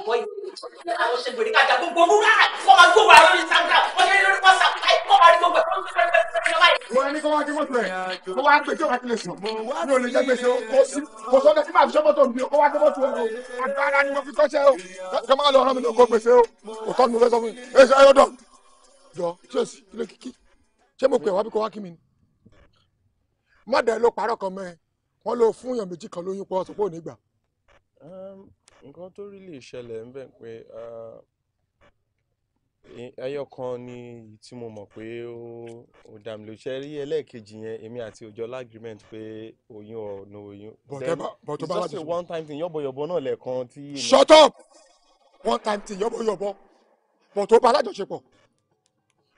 bọ̀ yìí àwọn ṣe gbèrè kájà gbogbo wúrà ló parọ́ kan mẹ́ wọ́n ló fún yàn méjì kan lóyún pọ̀ ọ̀sán pé ò nǹkan tó really ṣẹlẹ̀ ńbẹ̀ pé ẹyọ kan ni tí mo mọ̀ pé ó dá mi lójú ṣe rí ẹlẹ́ẹ̀kejì yẹn èmi àti Òjọ́lá agreement pé oyún or no oyún. bọ̀tẹ́bà bọ̀tọ́bà láti sọ. it's just a one time thing yọ̀bọ̀yọ̀bọ̀ náà lẹ́ẹ̀kan tí. shut up one time thing yọ̀bọ̀yọ̀bọ̀ bọ̀tọ́bà alájọṣepọ̀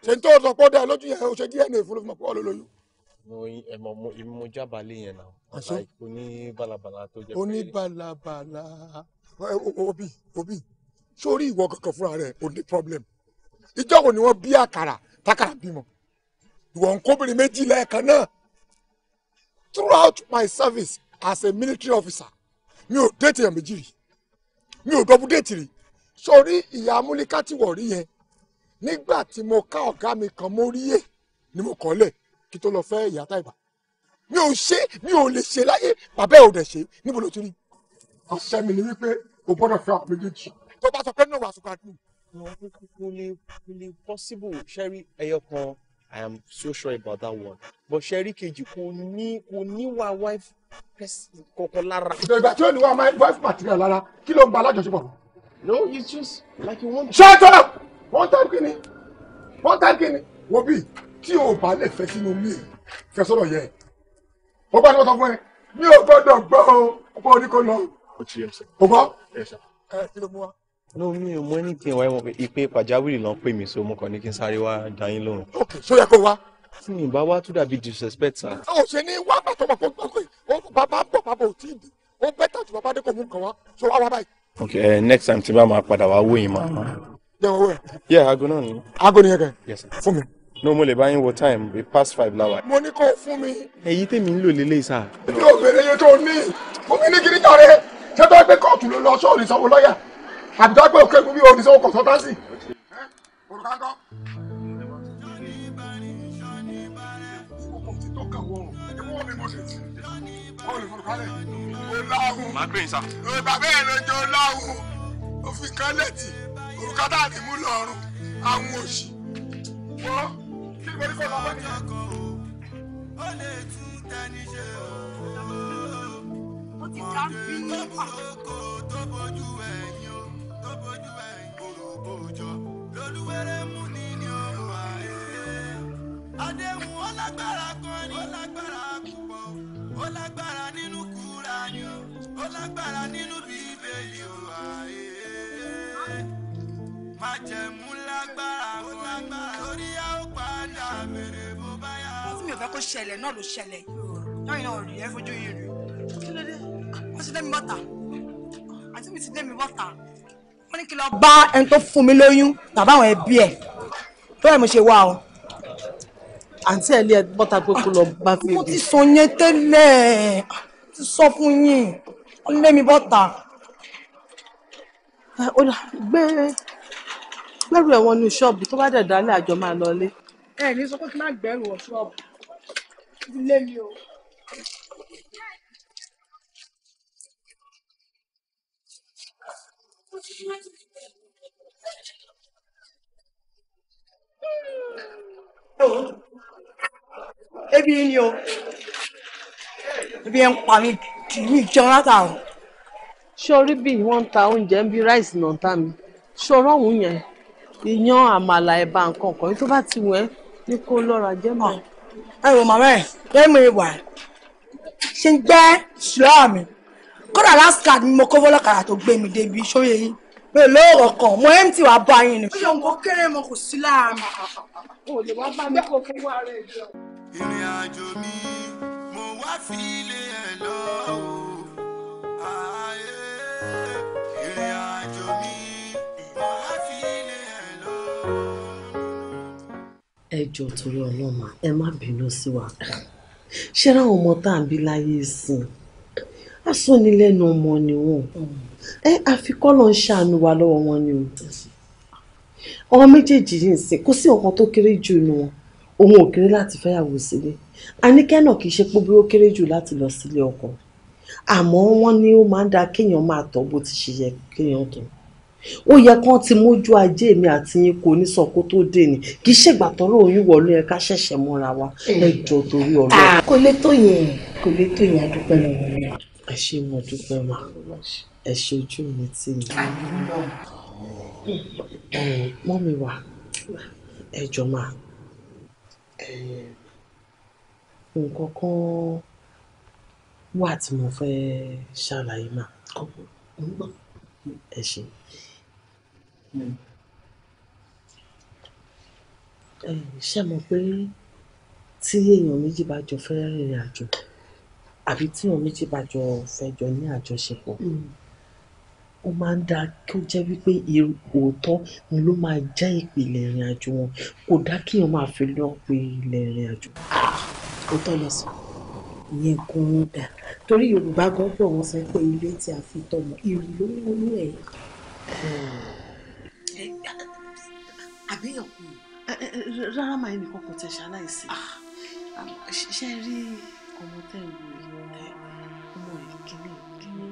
ṣe ń tó sọ pé ó dá ẹ lójú yẹn o ṣe DNA fún olófin mọ̀ pé ọlọ́lọ́yún mo ẹmọ mo mo jábàálẹ̀ yẹn náà. àṣẹ oní balabala tó jẹ pé. oní balabala obi obi sórí ìwọ kankan fúnra rẹ ò ní problem ìjọ wo ni wọn bí àkàrà tákàrà bímọ ìwọ nkóbìnrin méjì lẹ́ẹ̀kan náà throughout my service as a military officer mi ò déètì yàn méjì rí mi ò dọ́bù déètì rí sórí ìyá amúlíká tí wọ́n rí yẹn nígbà tí mo ká ọ̀gá mi kan móríyè ni mo kọ́lẹ̀ kí tó lọ fẹ́ ìyá táìbà mi ò ṣe mi ò lè ṣe láyé bàbá ẹ̀ ò dẹ̀ ṣe níbo ló ti rí àṣẹ mi ni wípé o gbọ́dọ̀ fẹ́ àwọn méjèèjì tó bá sọ pé no àsùnkà dùn. kò lè kò lè possible ṣẹ́rí ẹyọ kan I am so sure about that one but ṣẹ́rí kejì kò ní kò ní wà wife kankan lára. ìgbà tí ó ní wà wife material lára kí ló ń ba alájọṣepọ̀. no it's just like you want. shut up one time kí ni one time kí ni wo bí tí o bá lè fẹ́ sínú mi fẹ́ sọ̀rọ̀ yẹn o gbọ́dọ̀ sọ fún ẹ mi ò gbọ́dọ̀ gbọ́ o kó o ní kó lọ ó ti yẹ sọ. o gbọ́ ẹ wa. ní omi ò mú ẹni so mo kàn ní kí n sáré wá dá yín lóhùn. so yẹ kó wá tí mi bá wá tún dàbí disrespect sa. ó ṣe ní wá bàtọ́ bàtọ́ gbọ́dọ̀ ó bàbá bọ̀ bàbá ò tí ì dì ó bẹ́tà tí bàbá dé kò mú nǹkan wá so wá wá báyìí. ok uh, next time tí bá máa padà wá wó yín máa. jẹ́ owó ẹ̀. yẹ aago náà ni. aago ni yẹn yes sir. fún mi. no mo lè bá yín wo time be past five lawa. mo ní kó fún mi. èyí tèmi ń lò lélẹ́yìí sá. èmi ò bèrè iye tó o mi ní kiri tààrẹ ṣé tó pé kóòtù ló lọ sóòrì sanwó lọ́yà àbí tó pé òkè gún bí òrì sanwó consultancy. olùkákọ́. màá gbé yín ló jẹ́ ọláhùn òfin kan òrùka tá a lè mú lọ́rùn àwọn òṣì. wọ́n kí ni mo ní kọ́ lọ́wọ́ nìyẹn. ó lè tún tẹni ṣe o ti ká fi ní pa. tó bójú ẹ̀yìn o tó bójú ẹ̀yìn òròbó jọ lolúwẹ̀rẹ̀ mú ni ní ọ̀rọ̀ àyè. àdéhùn ó lágbára kan ni ó lágbára púpọ̀ ó lágbára nínú Kùránì o ó lágbára nínú Bíbélì ọ̀rọ̀ àyè. májẹ̀mú lágbára ó lágbára lórí a ó padà béèrè bó bá yá. fún mi ò fẹ́ kó ṣẹlẹ̀ náà ló ṣẹlẹ̀ yìí o náà yìí náà rí ẹ fojú yìí rí kí ló dé tó ṣe dé mi bọ́ta àti mi ti dé mi bọ́ta wọ́n ní kí lọ bá ẹni tó fún mi lóyún tàbá àwọn ẹbí ẹ̀ tó ẹ̀ mo ṣe wá o. àǹtí ẹ̀ lé ẹ bọ́ta pé kó lọ bá fèbí. mo ti sọ yẹn tẹ́lẹ̀ ti sọ fún yín wọ́n lé mi bọ́ta. gbé gbẹ́rù ẹ̀ wọnú ṣọ́ọ̀bù tó bá dẹ̀ dálé àjọ máa lọ lé. ẹ ní sọ pé kí n má gbẹ́rù wọ ṣọ́ọ̀bù ilé mi o. Hmm. ebi ni o ebi ẹ ń pa mi kì í jẹun látàrọ. sọrí bí wọ́n ń ta oúnjẹ ń bí ráìsì náà ta mi sọ̀rọ̀ ọ̀hún yẹn iyán àmàlà ẹ̀bà nǹkan kan tó bá ti wẹ̀ ní kó lọ́ra jẹ́ mọ́. Ah, ẹ wò màmá ẹ lẹ́mìí wà ṣe ń jẹ́ sùúrù mi kódà last card mi mo kó fọlọ́kadà tó gbé mi débi sóyè yín mi ò lóòrọ̀ kan mo mt wà bá yín ni. ó nǹkan kéré mo kò sí lára mi. lè wá bá mi kó fún wa rẹ jọ. ìrìn àjò mi mo wá fi ilé ẹ lọ o ìrìn àjò mi mo wá fi ilé ẹ lọ. ẹ jọ torí ọlọ́mà ẹ má bínú sí wa ṣé ra àwọn ọmọ tá à ń bí láyé sí i asọ́nilẹ́nu ọmọ ni wọn ẹ àfikọ́lọ̀ ń ṣàánú wa lọ́wọ́ wọn ni o ọmọ méjèèjì yìí ń sìn kó sí ọkàn tó kéré jù nù wọn òun ò kéré láti fẹ́yàwó sílé àníkẹ́ náà kì í ṣe pé bí ó kéré jù láti lọ sílé ọkọ àmọ́ wọ́n ní ó máa ń da kéèyàn máa tọ́ bó ti ṣe yẹ kéèyàn tó ó yẹ kán ti mójú ajé mi àti yín kò ní sọ kó tó dé ni kì í ṣègbà tọrọ oyún wọ ló ká ṣẹ̀ṣẹ̀ múra wa ẹ jọ torí Ọlọ́run. Ah, kò lè tó yẹn kò lè tó yẹn adúpẹ́ lọ́wọ́ yẹn ẹ ṣé mo dúpẹ́ ma ẹ ṣe ojú mi tì mí mọ́ mi wá ẹ jọ ma nǹkan kan wà tí mo fẹ́ ṣàlàyé mà ẹ ṣé. ṣé mo pé tí èèyàn méjì bá jọ fẹ́ rìnrìn àjò àbí tí òun méjì bá jọ fẹ́ jọ ní àjọṣepọ̀ hmm. ó máa ń da kí ó jẹ́ wípé òótọ́ ni ló máa jẹ́ ìpìlẹ̀ ìrìn àjò wọn kò dá kí èèyàn máa fi lọ pé ilẹ̀ ìrìn àjò. Ah, òótọ́ lọ sọ ìyẹn kún un dà torí yorùbá gan pọ̀ wọ́n sọ pé ilé tí a fi tọmọ ìrì ló ń wọnú ẹ̀. àbíyàn kù rárá màá ẹnì kan kò tẹ̀ ṣaláìsí ah. ṣe rí i que ọmọ tẹ ń wò yìí tẹ ọmọ rẹ kíní kíní.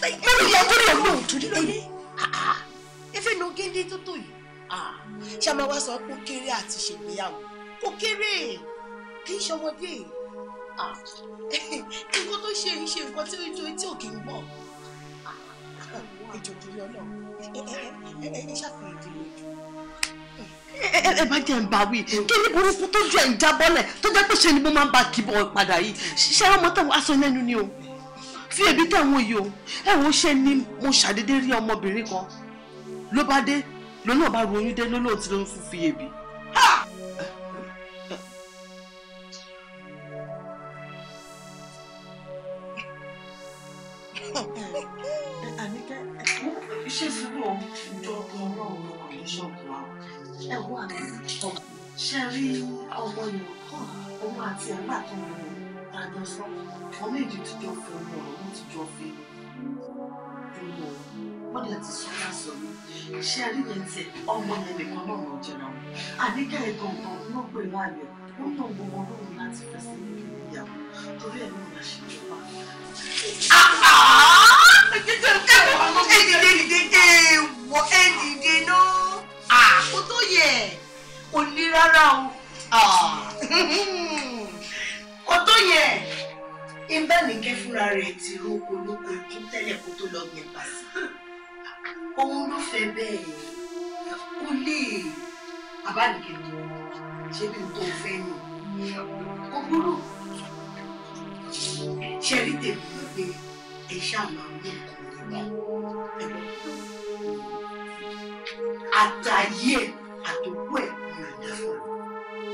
mẹ́rin yẹn tó lè mú òtún nílé ẹfẹ́ ní ogéńdé tó tó yìí ṣé a máa wá sọ kó kéré àti ṣègbéyàwó kó kéré kì í ṣọmọdé nǹkan tó ṣe ń ṣe nǹkan tí ojú etí ò kì í gbọ́ ìjòkè yọ náà ẹ ẹ ẹ ẹ ṣàfihàn ìdílé ẹ bá jẹ́ ń bá wí kí ni burúkú tó jẹ́ ń jábọ́lẹ̀ tó jẹ́ pé ṣe ni mo máa ń ba kìbọ̀ padà yìí ṣiṣẹ́ ọmọ táwọn aṣọ lẹ́nu ni o fi èbí tẹ̀wọ̀n yìí o ẹ wo ṣe ni mo ṣàdédé rí ọmọbìnrin kan ló bá dé lónà bá ru oyún dé lónà tí ló ń fún fi èbí. Àníkẹ́ ṣé sùúrù o ẹ wọ àwọn ọmọ ṣe rí ọmọ yòókàn òun àti ẹ̀rọ àtọmọ rẹ̀ tàjọ sọ wọn méjì ti jọ fẹ́ ọmọ rẹ̀ wọ́n ti jọ fẹ́ ọmọ wọ́n dẹ̀ ti sọ́ra sọ mi ṣe rí yẹn tẹ ọmọ yẹn nìkan náà lọ jẹrà wọn àníkà ìgbọ̀ngàn ló pè wá yẹ ó ń tàn gbogbo ọlọ́run láti fẹsẹ̀ nínú ìyàwó torí ẹ̀ ló ń yà ṣèjọba. ẹ̀ẹ́dìdè ẹ̀ẹ́dìdè ẹ̀ẹ́dìdè náà kò tó yẹ kò ní rárá o kò (laughs) tó yẹ ìbá nìkẹ́ fúnra rẹ̀ ti roko lóko ikú tẹ́lẹ̀ kó tó lọ gbìn pàṣẹ òun ló fẹ́ bẹ́ẹ̀ kó lè bàbá ṣe bí tó fẹ́ nù kó gbúrò ṣe rí tèmi lọ pé ẹ ṣáà máa mú ọkọ rẹ wá àtàyè àtòkù ẹ̀ ni ò jẹ́ fún mi.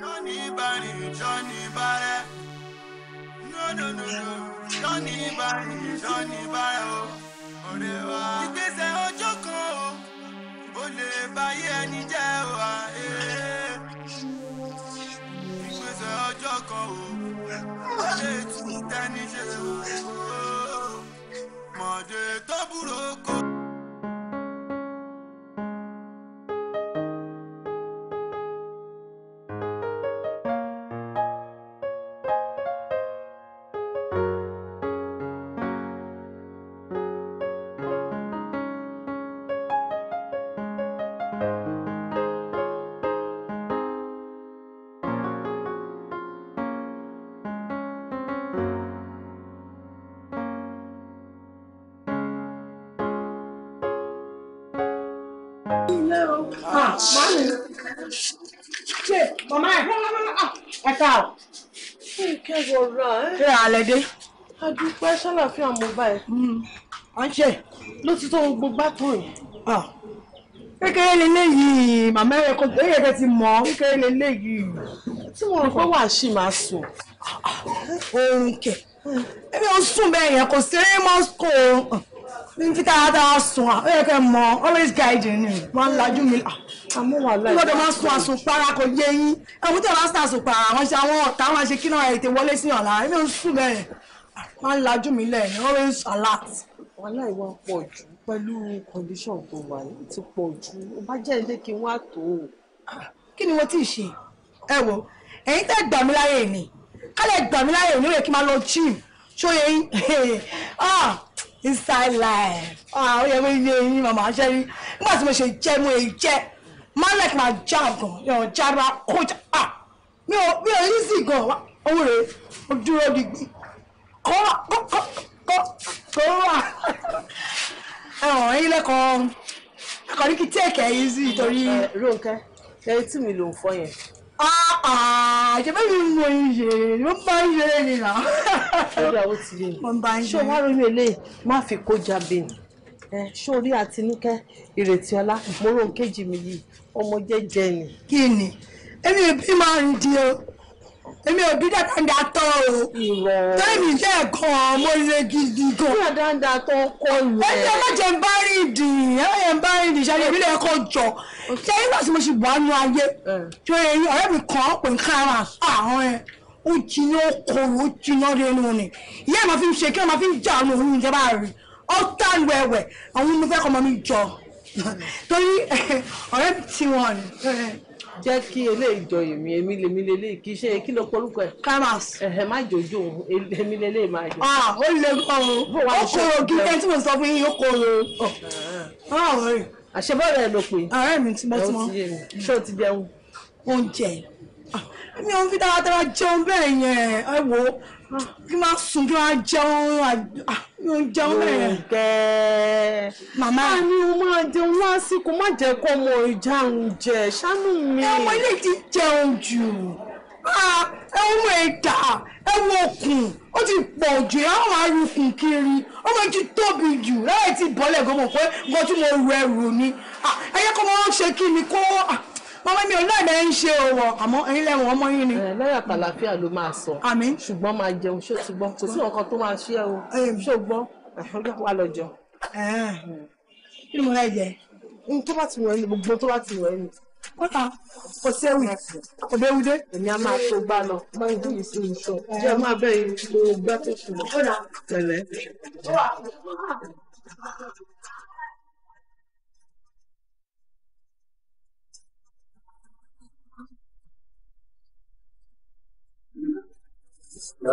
lónìí ìbárí lónìí ìbárẹ́ lónìí lónìí ìbárí lónìí ìbárẹ́ o ọ̀rẹ́ wa. ìgbésẹ̀ ọjọ́ kan o oh. ò lè báyé ẹni jẹ́ o oh, wa. Ah, eh. ìgbésẹ̀ ọjọ́ kan o oh. ò lè tún tẹ́ni ṣe o. mọ̀dé tó burú kọ́. o máa mi ṣe màmá ẹ ẹ ká o. ṣé ìkẹ́rù ọ̀rọ̀ ẹ. ṣé alẹ́ dé. a dúpẹ́ sálàfíà mo bá ẹ. à ń ṣe ló ti tó ohun gbogbo àtọ̀ yìí. kékeré leléyìí màmá ẹ kò tẹ́yẹ̀ kẹ́ ti mọ̀ kékeré leléyìí. tí mo rò pé wàá ṣì máa sùn. oorun kẹ ẹbí o sùn bẹ́ẹ̀ yẹn kò sí mọ́sùkò fi tára tára sùn à ó yẹ kẹ́ mọ always guiding ni wọ́n lajú mi àmú wà láì. nígbà tó máa ń sun àsùnpara kò yé yín ẹ̀wọ́n tó máa ń sun àsùnpara àwọn ṣe àwọn ọ̀tá wọn ṣe kí náà ètè wọlé sí ọ̀la ẹ̀mí ń sùn bẹ́ẹ̀ wọ́n lajú mi lẹ̀ always alert. wàhálà ìwà pọ̀ jù pẹ̀lú condition tó wà yìí ti pọ̀ jù ó bá jẹ́ ilé kí n wá tó o. kí ni mo ti ṣe ẹ wo ẹ̀yin tẹ́ gbà mí láyè ni kálẹ̀ gbà mí láyè ni ó yẹ kí n máa lọ gym ṣó yẹ yín (laughs) inside life ah ó yẹ wọ́n yé yín màmá ṣe rí nígbà tí mo ṣe jẹ́ mo èyí jẹ́ malek ma já gan yàn já ra kó já ah mi ò mi ò yí sí gan owó rẹ̀ ó dúró digbí kọ́ wà kọ́ kọ́ kọ́ kọ́ wà ẹ̀wọ̀n yín lẹ́kọ̀ọ́ akọ̀rí kìí tẹ̀kẹ̀ yìí sí torí. Rónkẹ́ lẹ́yìn tí mi lò ń fọ yẹn ṣe bẹ́ẹ̀ mi mo yèrè ló máa ń yèrè ni nà. ṣọ́ọ́dà ó ti rí mi ṣé wàá rí ilé má fi kó jáde ni ṣórí àtinúkẹ́ ìrètí ọlá mọ́rọ̀ kejì mi yìí ọmọ jẹ́jẹ́ ni. kí ni èmi ò bí máa ń di o èmi ò bí dàdàndà tán o tẹ́ẹ̀mì jẹ́ ẹ̀kan mo lè gidi gan. dàdàndà tán kọ lù ẹ́. ẹni ọlọ́jẹ̀ ń bá rìn ìdì ẹlọ́jẹ̀ ń bá rìn ìdì ṣáájú ìbílẹ̀ ẹ̀kọ́ jọ ṣé nígbà tí mo ṣì bọ́ àánú ayé tí ó yẹ yí ọ̀rẹ́ mi kàn án pè ń kára àfààrọ̀ ẹ̀ ó jiná okòwò ó jiná lẹ́nu ni ìyá ẹ̀ máa fi ń ṣe kí wọ́n máa fi ń jà àwọn òun ìjọba rẹ̀ ó tàn wẹ̀wẹ̀ àwọn ọmọ mi fẹ́ kọ́ ọmọ mi jọ (laughs) torí (laughs) ọ̀rẹ́ mi ti ni jẹ́ kí eléyìí jọ èmi èmi lèmi lélẹ́yìí kì í ṣe kí ló polúkọ ẹ̀. camas. ẹ̀hẹ̀ má jòjó òun èmi lélẹ́yìí máa jò. ah ó lè kọ́ òun ó kóró gígẹ́ tí mo sọ fún yín ó kóró. àṣebọ́ọ̀rọ̀ ẹ̀ ló pè. ọ̀rẹ́ mi tímọ́tímọ́. ṣé o ti jẹun. oúnjẹ ah, mi ò ń fi dáradára jẹun bẹ́ẹ̀ yẹn ẹ wo kí máa sùn kí máa jẹun yóò jẹun bẹ́ẹ̀. kẹ́ màmá a ní o máa jẹun lásìkò má jẹ́ kó ọmọ ìjàrùn jẹ ṣàánú mi. ọmọ ilé ti jẹun jù ẹwọ ẹ̀dá ẹwọ okùn ó ti pọ̀ jù ẹ àwọn arúkùn kiri ọmọ ti tóbi jù láyé ti bọ́lẹ̀ gan pé nǹkan tí mo rẹ̀ rò ni ẹ̀yẹ́ kọ́ mọ́ ṣe kí ni kó màmá mi ò lọ́ọ̀dẹ̀ ń ṣe òwò àmọ́ ẹ̀yin lẹ́wọ̀n ọmọ yín ni. Eh, lọ́yà kàlàfíà ló máa sọ ṣùgbọ́n máa jẹun ṣó ti gbọ́ kò sí nǹkan tó máa ṣe ẹ o ṣó gbọ́ wà lọ́jọ́. Hmm. kí ni mo rẹ jẹ. tó bá ti wọ̀ ẹ́ ni gbogbo tó bá ti wọ̀ ẹ́ ni kọ́tà kò sí ẹ̀wì kò dé wídé. èmi á máa tó gbá lọ máa ń dùn mí sí sọ jẹ́ máa bẹ́ẹ̀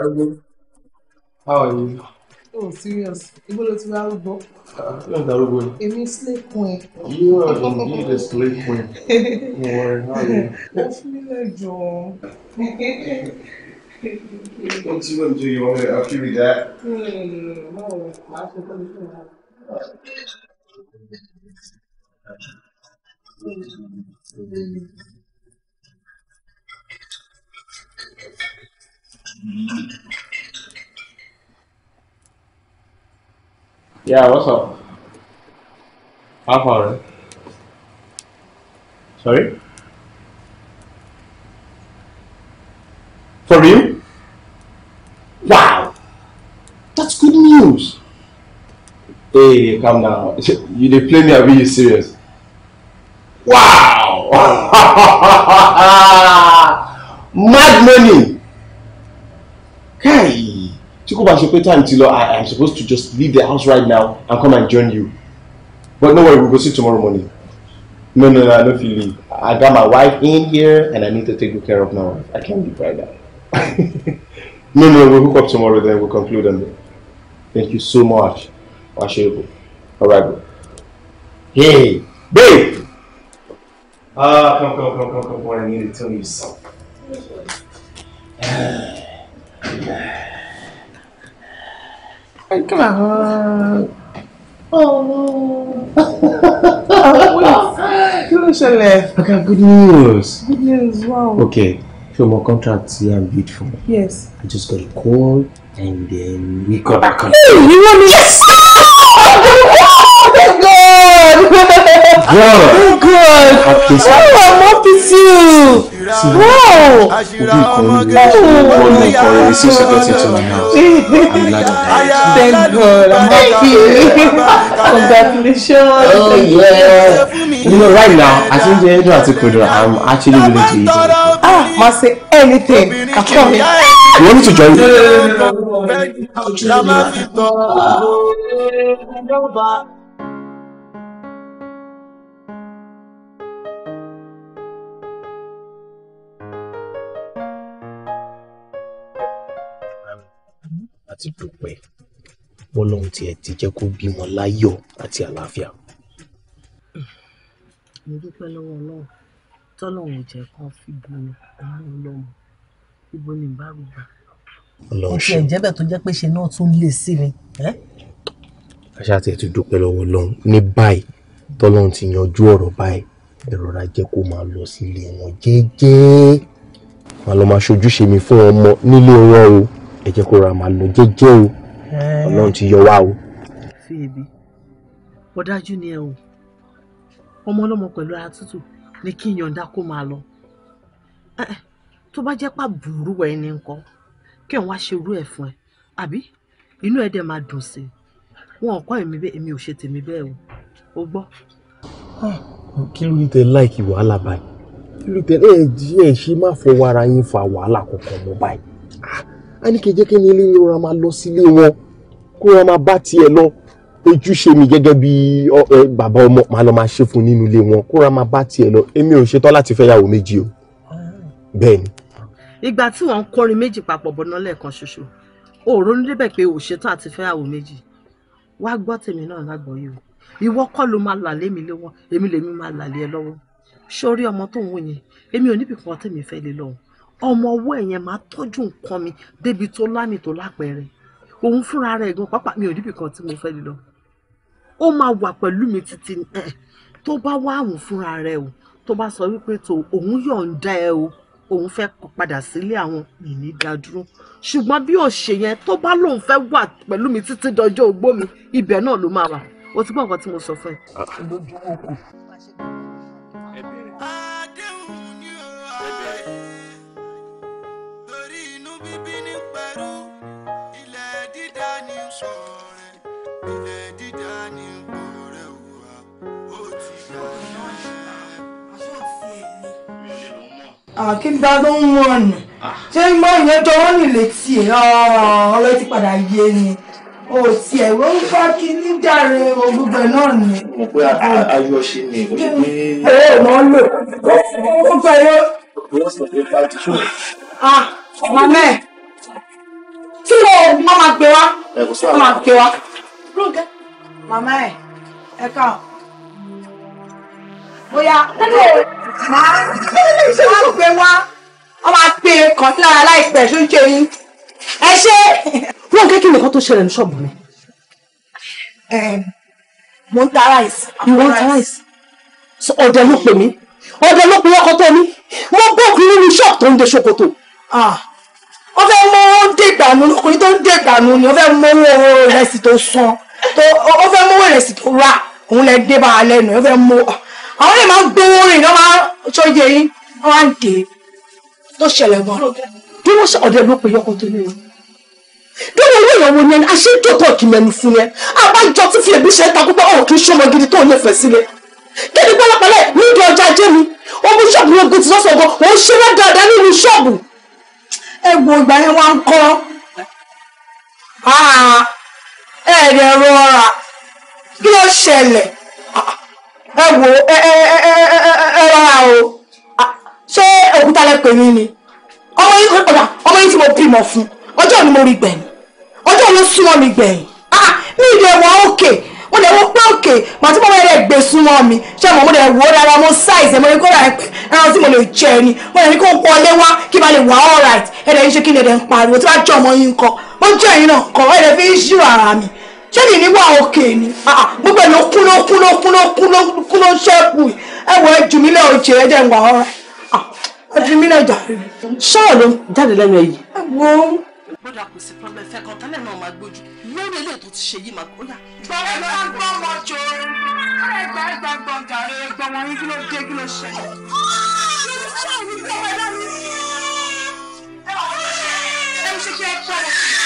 darúgbó. How are you? Oh, serious. Ibo ló ti darúgbó. Ṣé ń darúgbó ni? Èmi slay queen. You are indeed a slay queen. Don't worry, how are you? Ó fún mi lẹ́jọ́. Don't you want to do you want me to help you with that? No, no, no, no, Thank you. Yeah, what's up? Half hour. Sorry? For you? Wow! That's good news! Hey, calm down. (laughs) You did play me, are really you serious. Wow! (laughs) Mad money! Hey, tí kò bá ṣe pé time ti lọ I am supposed to just leave the house right now and come and join you. But no worry, we go see tomorrow morning. No, no, no, I no fit leave. I got my wife in here and I need to take good care of my wife. I can't leave right now. no, no, we'll hook up tomorrow then we'll conclude on it. Thank you so much. Washable. Alright, bro. Hey, babe! Ah, uh, come, come, come, come, come, come. I need to tell you something. Come on. Oh. oh Kí ló ṣẹlẹ̀? I got good news. Good news, wow. Okay, for my contract here and bid for. Yes. I just got a call and then we got back on. Hey, you want me? Yes! (laughs) let's go! God. God. Oh, I'm up with you. Wow. Obi Ikoro, Bolu Ikoro receives secretary to my house. I'm glad of that. Thank God. I'm happy. Congratulations. Oh, yeah. You know, right now, I think the Edo àti Kodra, I'm actually willing to eat. Ah, must say anything. I'm coming. You want me to join you? no, no, no. àti dúpẹ́ bọ́lọ́hún tiẹ̀ ti jẹ́ kó bímọ láyọ̀ àti àlàáfíà. mo dúpẹ́ lọ́wọ́ ọlọ́run tọ́lọ́run jẹ́ kán fìbò ọmọ ọlọ́run fìbò ní ìbárùbà. ọlọ́run ṣe ọtí ẹ̀jẹ̀ bẹ̀ tó jẹ́ pé ṣe náà tún lè sí mi. tiẹ̀ ti dúpẹ́ lọ́wọ́ ọlọ́run ní báyìí tọ́lọ́run ti yanjú ọ̀rọ̀ báyìí ìrora jẹ́ kó máa lọ sílé wọn jẹ́jẹ́ màá lọ máa ṣojúṣe mi fún ọmọ nílé wọn o ẹ jẹ́ kó ra màá lọ jẹ́jẹ́ o ọlọ́run ti yọ wá o. fi ebi wọ́n dájú ni ẹ o ọmọ ọlọ́mọ pẹ̀lú ara tútù ni kí n yọ̀ǹda kó máa lọ tó bá jẹ́ pà bùrú ẹ ní nǹkan kí n wá ṣe irú ẹ̀ fún ẹ àbí inú ẹ dẹ̀ máa dùn sí i wọn kọ́ èmi bẹ́ẹ̀ èmi ò ṣe tèmi bẹ́ẹ̀ o o gbọ́. Ah, kí ló ń tẹ láìkì wàhálà báyìí kí ló ń tẹ ẹ ẹ ṣe má fọwọ́ ara yín fa wàhálà kankan mọ́ báyìí ah, a ní kí n jẹ́ kí ni ilé ìrora máa lọ sílé wọn kó wọn máa bá tiẹ̀ lọ ojúṣe mi gẹ́gẹ́ bí bàbá ọmọ màá lọ máa ṣe fún nínú ilé wọn kó wọn máa bá tiẹ̀ lọ èmi ò ṣetán láti fẹ́ yàwó méjì o bẹ́ẹ̀ ni. ìgbà tí wọ́n ń kọrin méjì papọ̀ bọ̀ náà lẹ́ẹ̀kan ṣoṣo o ronú débẹ̀ pé o ṣetán àti fẹ́ yàwó méjì wá gbọ́ tèmi náà lágbọ́ yìí o ìwọ kọ́ ló máa là lémi lọ́wọ́ èmi lèmi máa là lé ẹ lọ́wọ́ ọmọ ọwọ́ ẹ̀ yẹn máa tọ́jú nǹkan mi débi tó lámì tó lápẹẹrẹ òun fúnra rẹ̀ gan pápá mi ò níbi kan tí mo fẹ́ lílọ ó máa wà pẹ̀lú mi títí ẹ̀ tó bá wá àwọn fúnra rẹ̀ o tó bá sọ wípé tó òun yọ̀ǹda ẹ o òun fẹ́ padà sílé àwọn ìní dádúró ṣùgbọ́n bí òṣè yẹn tó bá lóun fẹ́ wà pẹ̀lú mi títí dọjọ́ ogbó mi ibẹ̀ náà ló máa wà o ti gbọ́ nǹkan tí mo sọ fún ẹ. Ah, ah. àkíńdá ló ń mọ̀nà ṣé ń gbọ́ ìyẹn tó wọ́n ní létí ẹ̀ ah, ọlọ́ ti padà yé ni o ti ẹ̀ ló ń fá kí ní jàre gbogbo náà ni. mo pe ayọ̀ ṣe ni mo ṣe pé. ẹ ẹ mọ ń lò ó fẹ́ yó. wọ́n sọ pé báyìí ṣó. má máa gbé wá má máa gbé wá. màmá ẹ̀ ẹ̀ka bóyá máa ṣe wá gbé wá wọ́n máa gbé kàn sí lára láìpẹ́ ṣó ń ṣe yín ẹ ṣe. wọ́n kékeré nǹkan tó ṣẹlẹ̀ ní ṣọ́ọ̀bù mi. mo ń ta rice. ìwọ ń ta rice. ọ̀dẹ̀ ló pè mí ọ̀dẹ̀ ló pè ọkọ tó mi mo bọ́ọ̀kì nínú ṣọ́ọ̀bù tó ń de ṣòkòtò. wọ́n fẹ́ mọ owó dé ìdààmú ọkùnrin tó ń dé ìdààmú ni wọ́n fẹ́ mọ owó ìrẹsì tó san wọ́n fẹ́ mọ owó ìrẹsì tó rà òun lẹ dé bá a lẹ́nu wọ́n fẹ́ mọ àwọn lè máa ń gbowó rìn náà máa tó yẹ yín wọn á dé tó ṣẹlẹ̀ mọ́ bí wọ́n ṣe ọ̀dẹ̀ ló pe yọkọ tó ní o lórí owó ìyàwó ni ẹni aṣèjọpọ̀ kì mẹ́nu fún yẹn àbájọ tí fi èbí ṣe ń takú pé ọ̀hún kì í ṣọmọ gidi tó ń fẹ́ sílẹ̀ kéde pẹ́lẹ́pẹ́lẹ́ nídìí ọjà ajé mi ọmọ ṣọ́ọ̀bù ló ti lọ́sọ̀ kí ló ṣẹlẹ̀ ẹ wo ẹ ẹ ẹ ẹ rárá o ṣé òkúta lẹ pè mí ni ọmọ yìí ọ̀dà ọmọ yìí tí mo bímọ fún ọjọ́ ni mo rí gbẹ̀yìn ọjọ́ ló súnmọ́ mi gbẹ̀yìn mi ì lè wọ òkè mo lè wọ pé òkè màtí mo rẹ̀ gbé súnmọ́ mi ṣé mo mo lè wọ rárá mo ṣáìsì mo lè kó rà ẹran tí mo lè jẹ ni mo lè ní kó wọlé wá kí n bá lè wà all right ẹ̀rẹ̀ yìí ṣe kí ni ẹ̀rẹ̀ ń pariwo tí wàá jọ ọmọ yìí ń kọ mo jẹ́ ẹ̀yìn náà kọ́ ẹ̀rẹ̀ fi ń ṣírò ara mi ṣé nìyí òkè ni gbogbo ẹ̀ló ló kún ló kún ló kún ṣẹ́kù ẹ ẹjù mi lẹ́ òjì ẹ̀jẹ̀ ń wà ọ́ra ẹjù mi lẹ́ jà ṣọ́ọ̀ ló jáde lẹ́nu ẹ̀yìn. ẹ wo. kò sí pọ́nbẹ́ fẹ́ kan tẹ́lẹ̀ náà máa gbójú lórí eléyìí tó ti ṣe yìí máa gbóyà. gbọ́dọ̀ gbọ́ mọ́ jọ ẹgbẹ́ ẹgbẹ́ gbọ̀ngàn rẹ̀ gbọ̀ngàn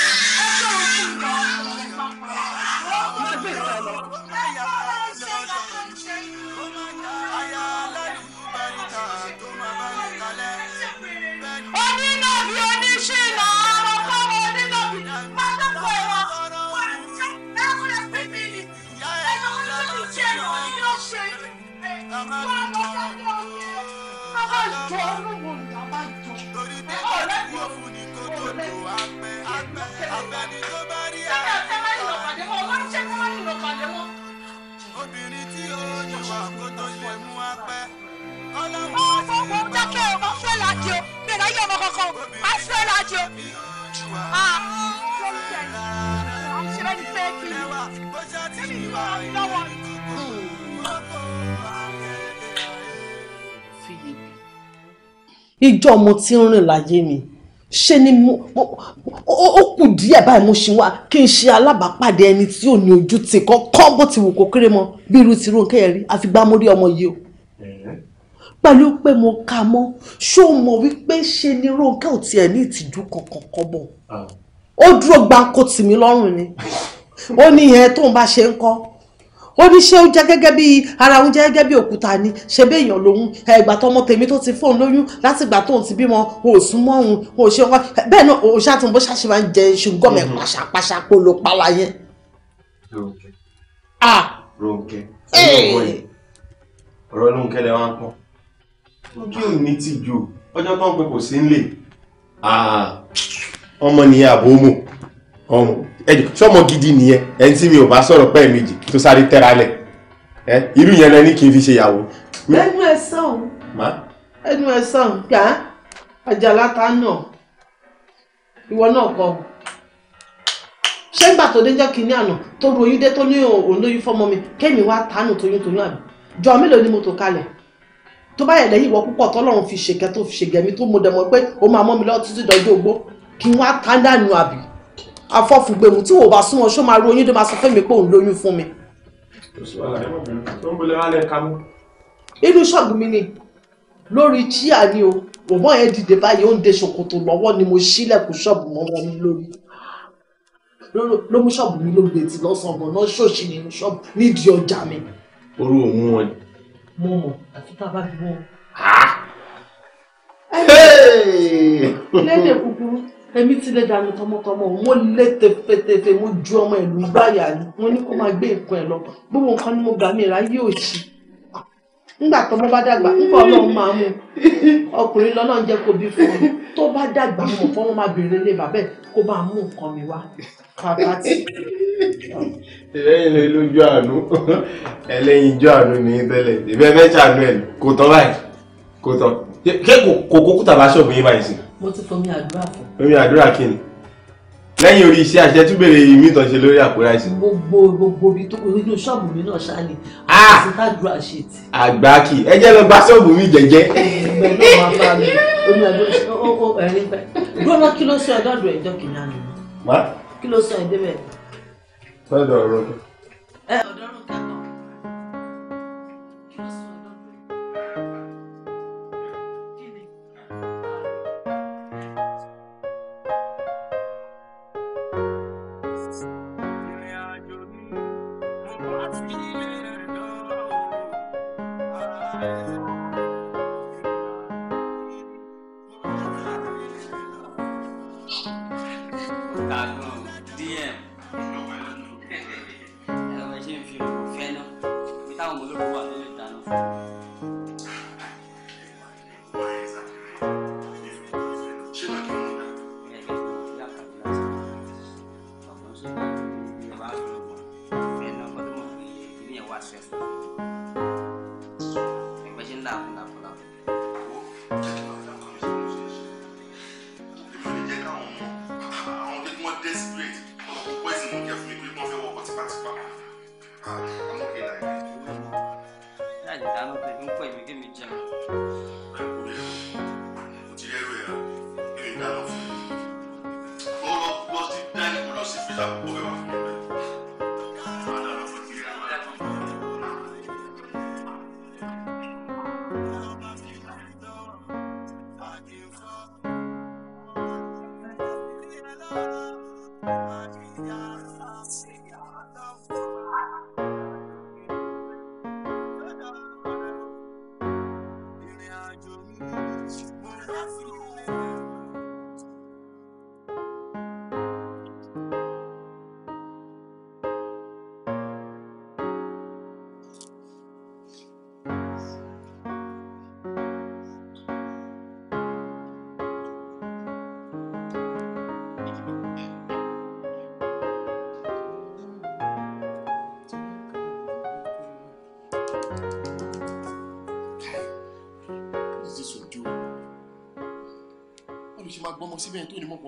Ọ̀rẹ́ mi ò fún àgbẹ̀ ìjọ mo ti ń rìn láyé mi ṣe ni mo ó kù díẹ̀ báyìí mo ṣì wá kí n ṣe alábàápàdé ẹni tí ò ní ojú ti kọ́kọ́ bó ti wù kó kéré mọ́ bí irú ti Rónkẹ́ yẹn rí àfi gbá mórí ọmọ yìí o pẹ̀lú pé mo kà mọ́ ṣó mọ̀ wípé ṣe ni Rónkẹ́ ò tiẹ̀ ní ìtìjú kankan kọ́bọ̀ ó dúró gbáǹkó tì mí lọ́rùn ni (laughs) ó ní ìyẹn tóun bá ṣe ń kọ́ ó ní ṣé ó jẹ́ gẹ́gẹ́ bí ara òun jẹ́ gẹ́gẹ́ bí òkúta ni ṣe bí èèyàn lòun ẹ̀gbà tọmọ tèmi tó ti fóun lóyún láti ìgbà tóun ti bímọ o ò sún mọ́ òun o ò ṣe wá bẹ́ẹ̀ náà o ṣáàtún bó ṣáṣe máa ń jẹ ṣùgbọ́n mẹ́ mm-hmm. pàṣàpàṣà kó ló pàlà yẹn. Rónkẹ́ Rónkẹ́ ọ̀rọ̀ Rónkẹ́ lẹ wá ń pọ̀ lókè ò ní tìjú ọjọ́ tó ń pẹ́ kò sí ń lè ọmọ nìyà àbómù ẹjọ sọmọ gidi nìyẹn ẹni tí mi ò bá sọ̀rọ̀ pẹ́ẹ́ méjì tó sáré tẹ́ralẹ̀ ẹ irú yẹn lẹ ní kí n fi ṣe ìyàwó. ẹnu ẹ sàn ẹnu ẹ sàn gbà àjàlá ta náà ìwọ náà kọ ṣé gbà tó dé jẹ́ kínní àná tó ru oyún dé tó ní òun lóyún fọ́mọ mi kémi wá tánù tóyún tóyún àbí jọ mélòó ni mo tó kalẹ̀ tó bá yẹ lẹ́yìn ìwọ púpọ̀ tọ́lọ́run fi ṣèkẹ́ tó fi ṣègẹ̀mí tó mo dẹ̀ mọ́ pé ó máa mọ́ mi lọ́wọ́ títí dọ́jú ogbó kí n wá tán dànù àbí afọ́fùgbèmù tí wò bá súnmọ́ ṣó máa ro oyún tó máa sọ fún mi pé òun lóyún fún mi. inú ṣọ́ọ̀bù mi ni lórí chíà ni o bọ̀bọ́ yẹn dìde báyìí ó ń de ṣòkòtò lọ́wọ́ ni mo ṣílẹ̀kùn ṣọ́ọ̀bù mọ́ ọmọ mi lórí ló mú ṣọ́ọ̀bù mi ló gbé ti lọ́sàn-án ọ̀gbọ̀n náà ṣòṣì nínú ṣọ́ọ̀bù nídìí ọjà mi. orú òun wọn ni. mo mọ àti tá a bá fi wọn. Ah! lédè kúkúrú ẹ̀mí tilẹ̀ dànù tọmọtọmọ mo lé tefetefe mo ju ọmọ ìlú gbáyà ni mo ní kó máa gbé nǹkan ẹ̀ lọ gbogbo nǹkan ni mo gbà mí ra yóò ṣí nígbà tọmọ bá dàgbà nígbà Ọlọ́run máa mú ọkùnrin lọ́nà jẹ́ kó bí fún un tó bá dàgbà mọ̀ fọwọ́ máa béèrè lé bàbẹ́ kó bá mú nǹkan mi wá kàkàtì. ìrẹ́yìn lójú àánú ẹlẹ́yin ijó àánú ní tẹ́lẹ̀ ìbẹ́ẹ̀ mẹ́ta àánú ẹ̀ kò tán báyìí kò tán kò kókútà láṣọ òbí yín báyìí sí i mo ti fomi àdúrà fún. omi àdúrà kí ni lẹ́yìn orí iṣẹ́ àṣẹ tún béèrè ìmí ìtàn ṣe lórí àpò ráìsì. gbogbo gbogbo ibi tó inú ṣọ́ọ̀bù mi náà ṣáà ni àti ah! tàdúrà ṣe ti. àgbà kì ẹ jẹ́ lọ gba ṣọ́ọ̀bù mi jẹ́jẹ́. ìgbẹ́ náà máa bá mi omi àdúrà ó ó ẹ̀rín pẹ́. gbọ́dọ̀ kí ló sọ ẹ lọ́dọ̀ ẹ̀jọ́ kìnìún àná. wá. kí ló sọ ẹ débẹ̀. lọ́dọ̀ ọ̀rọ̀ kí. ẹ ọ̀dọ́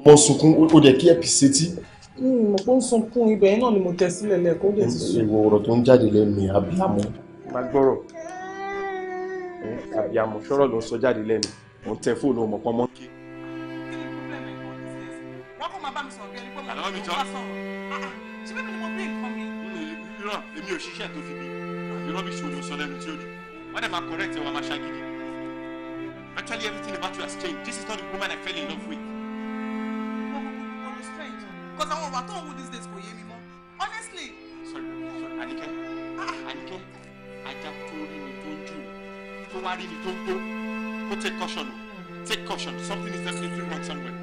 mo sunkún ó dẹ̀ kí ẹ̀ pì sétí. mo kó ń sunkún ibẹ̀ náà ni mo tẹ sílẹ̀ lẹ́ẹ̀kọ́ ó ti sùn. ìwọ ọ̀rọ̀ tó ń jáde lẹ́nu abiyamọ. má gbọ́rọ̀ abiyamọ sọ̀rọ̀ ló ń sọ jáde lẹ́nu mo ń tẹ fóònù ọmọ pọ́nmọ́. wọ́n kò máa bá mi sọ̀rọ̀ bí ẹni pé mo ní bá mi. irọ́ bí irọ́ bí ṣòro sọ lẹ́nu tí wọ́n dẹ̀ máa correct ẹ̀ wọ́n máa ṣagídí. actually everything about you has changed this is not the woman I fell in love with because àwọn ọ̀wà tó these days kò yé honestly. sorry sorry Anike. Àníkẹ́ ah. ajá tó rí mi tó ń jù tó wá rí mi go take caution take caution something is definitely wrong somewhere.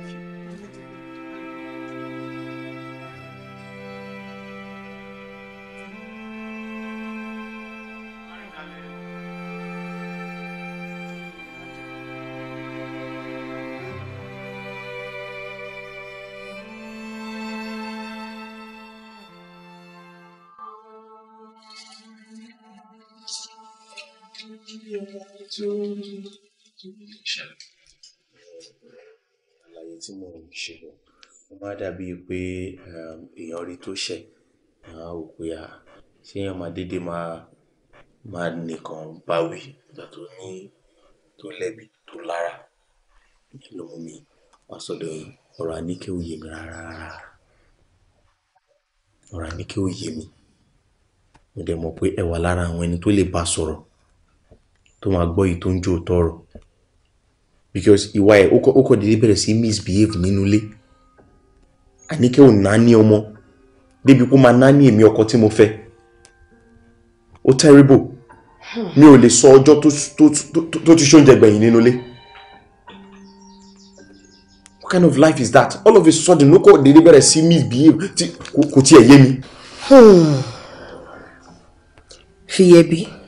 àlàyé tí mo ṣe lọ ó máa dàbí pé ehm, èèyàn rí tó ṣẹ̀ máa wò pé à ṣé èèyàn máa dédé máa máa nìkan báwí ìgbà tó ní tó lẹ́bi tó lára ló mú mi wá sọ́dọ̀ ọ̀rọ̀ àníkè ò mi rárá ọ̀rọ̀ àníkè ò mi mo dẹ̀ mọ̀ pé ẹ wà lára àwọn ẹni tó lè bá sọ̀rọ̀ tó máa gbọ́ yìí tó ń jó tọrọ because ìwà ẹ̀ ó kọ̀ déédéé bẹ̀rẹ̀ sí misbehave nínú ilé àníkẹ́ ò nání ọmọ débi kó máa nání èmi ọkọ tí mo fẹ́ ó terrible hmm. mi ò lè sọ ọjọ́ tó ti ṣóúnjẹ gbẹ̀yìn nínú ilé what kind of life is that all of a sudden ó kọ̀ déédéé bẹ̀rẹ̀ sí misbehave kò tiẹ̀ yé mi. fìyẹ̀bí. Hmm.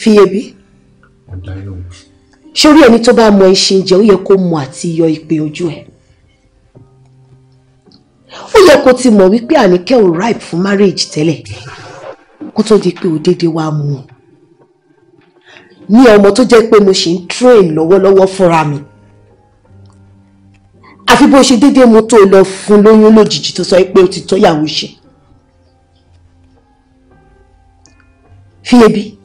fiyèbí ṣórí ẹni tó bá mọ ẹṣin jẹ ó yẹ kó mọ àti yọ ìpè ojú ẹ ó yẹ kó ti mọ̀ wípé àníkẹ́ ò ripe fún marriage tẹ́lẹ̀ kó tó di pé ó déédéé wá mú un ní ọmọ tó jẹ́ pé mo ṣì ń train lọ́wọ́lọ́wọ́ fúnra mi àfi bó ṣe déédéé mo tó lọ fún lóyún lójijì tó sọ pé ó ti tọ́yàwó ṣe fíyebi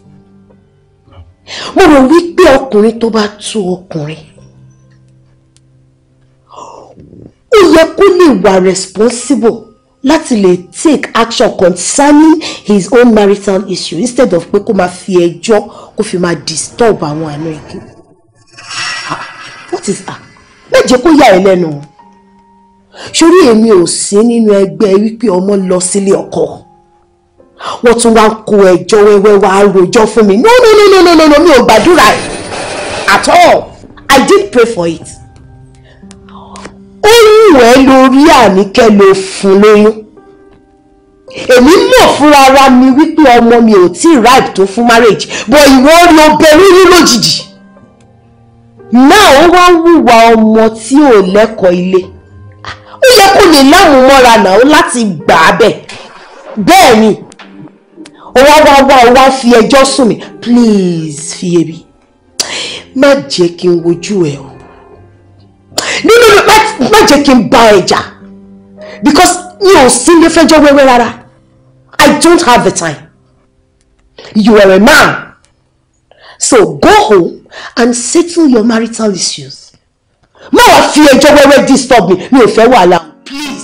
mo rò wípé ọkùnrin tó bá tú ọkùnrin ó yẹ kó lè wà responsible láti lè take action concerning his own marital issue instead of pé kó máa fi ẹjọ́ kó fi máa disturb àwọn àna ẹ̀kẹ́. what is that? méje kó yà ẹ́ lẹ́nu sórí èmi ò sí nínú ẹgbẹ́ wípé ọmọ lọ sílé ọkọ wọ́n tún wá ń kó ẹjọ́ wẹ́wẹ́ wá rojọ́ fún mi no no no no no no mi ò gbàdúrà ẹ̀ at all I did pray for it ó wù ẹ́ lórí àníkẹ́ ló fún lóyún èmi mọ̀ fúnra ara mi wípé ọmọ mi ò tí ripe tó fún marriage but ìwọ rí obìnrin rí lójijì náà ó wá ń wùwà ọmọ tí ò lẹ́kọ̀ọ́ ilé ó yẹ kó lè láwọn mọ́ra náà láti gbà á bẹ̀ bẹ́ẹ̀ ni ó wá wá wá ó wá fi ẹjọ́ sùn mí please Fiyèmí má jẹ́ kí n wojú ẹ o nínú má jẹ́ kí n bá ẹ jà because mi ò sí ilé fẹjọ́ wẹ́wẹ́ rárá I don't have the time you are a man so go home and settle your marital issues má wàá fi ẹjọ́ wẹ́wẹ́ disturb me mi ò fẹ́ wàhálà please.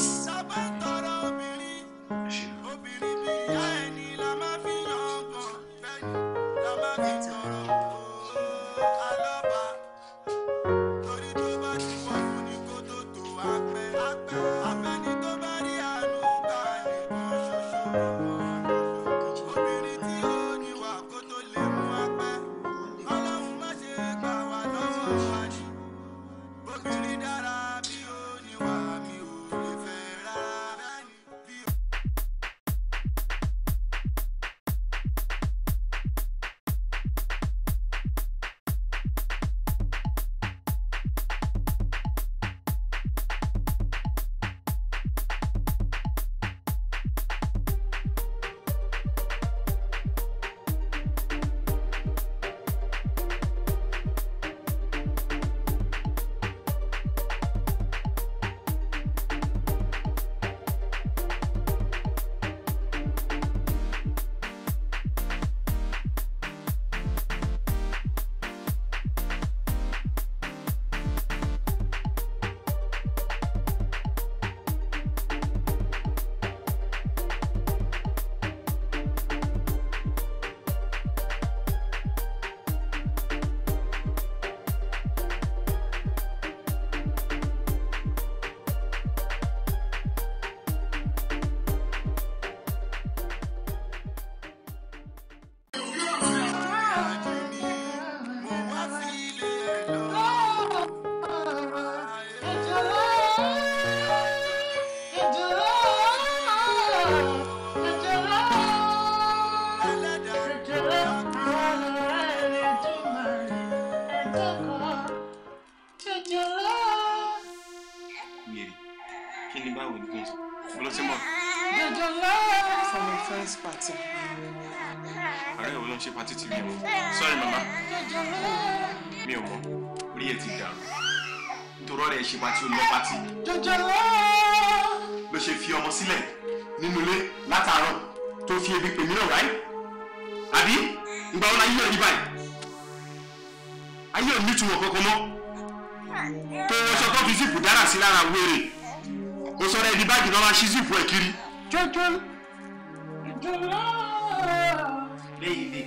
Baby.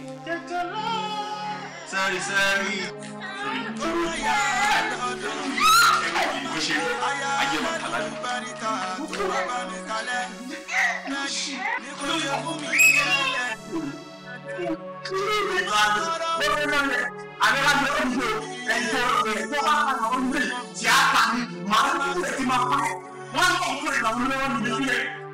Sorry, sorry. Wọ́n ń kọ̀ọ̀kan ìlànà olówó nìyí.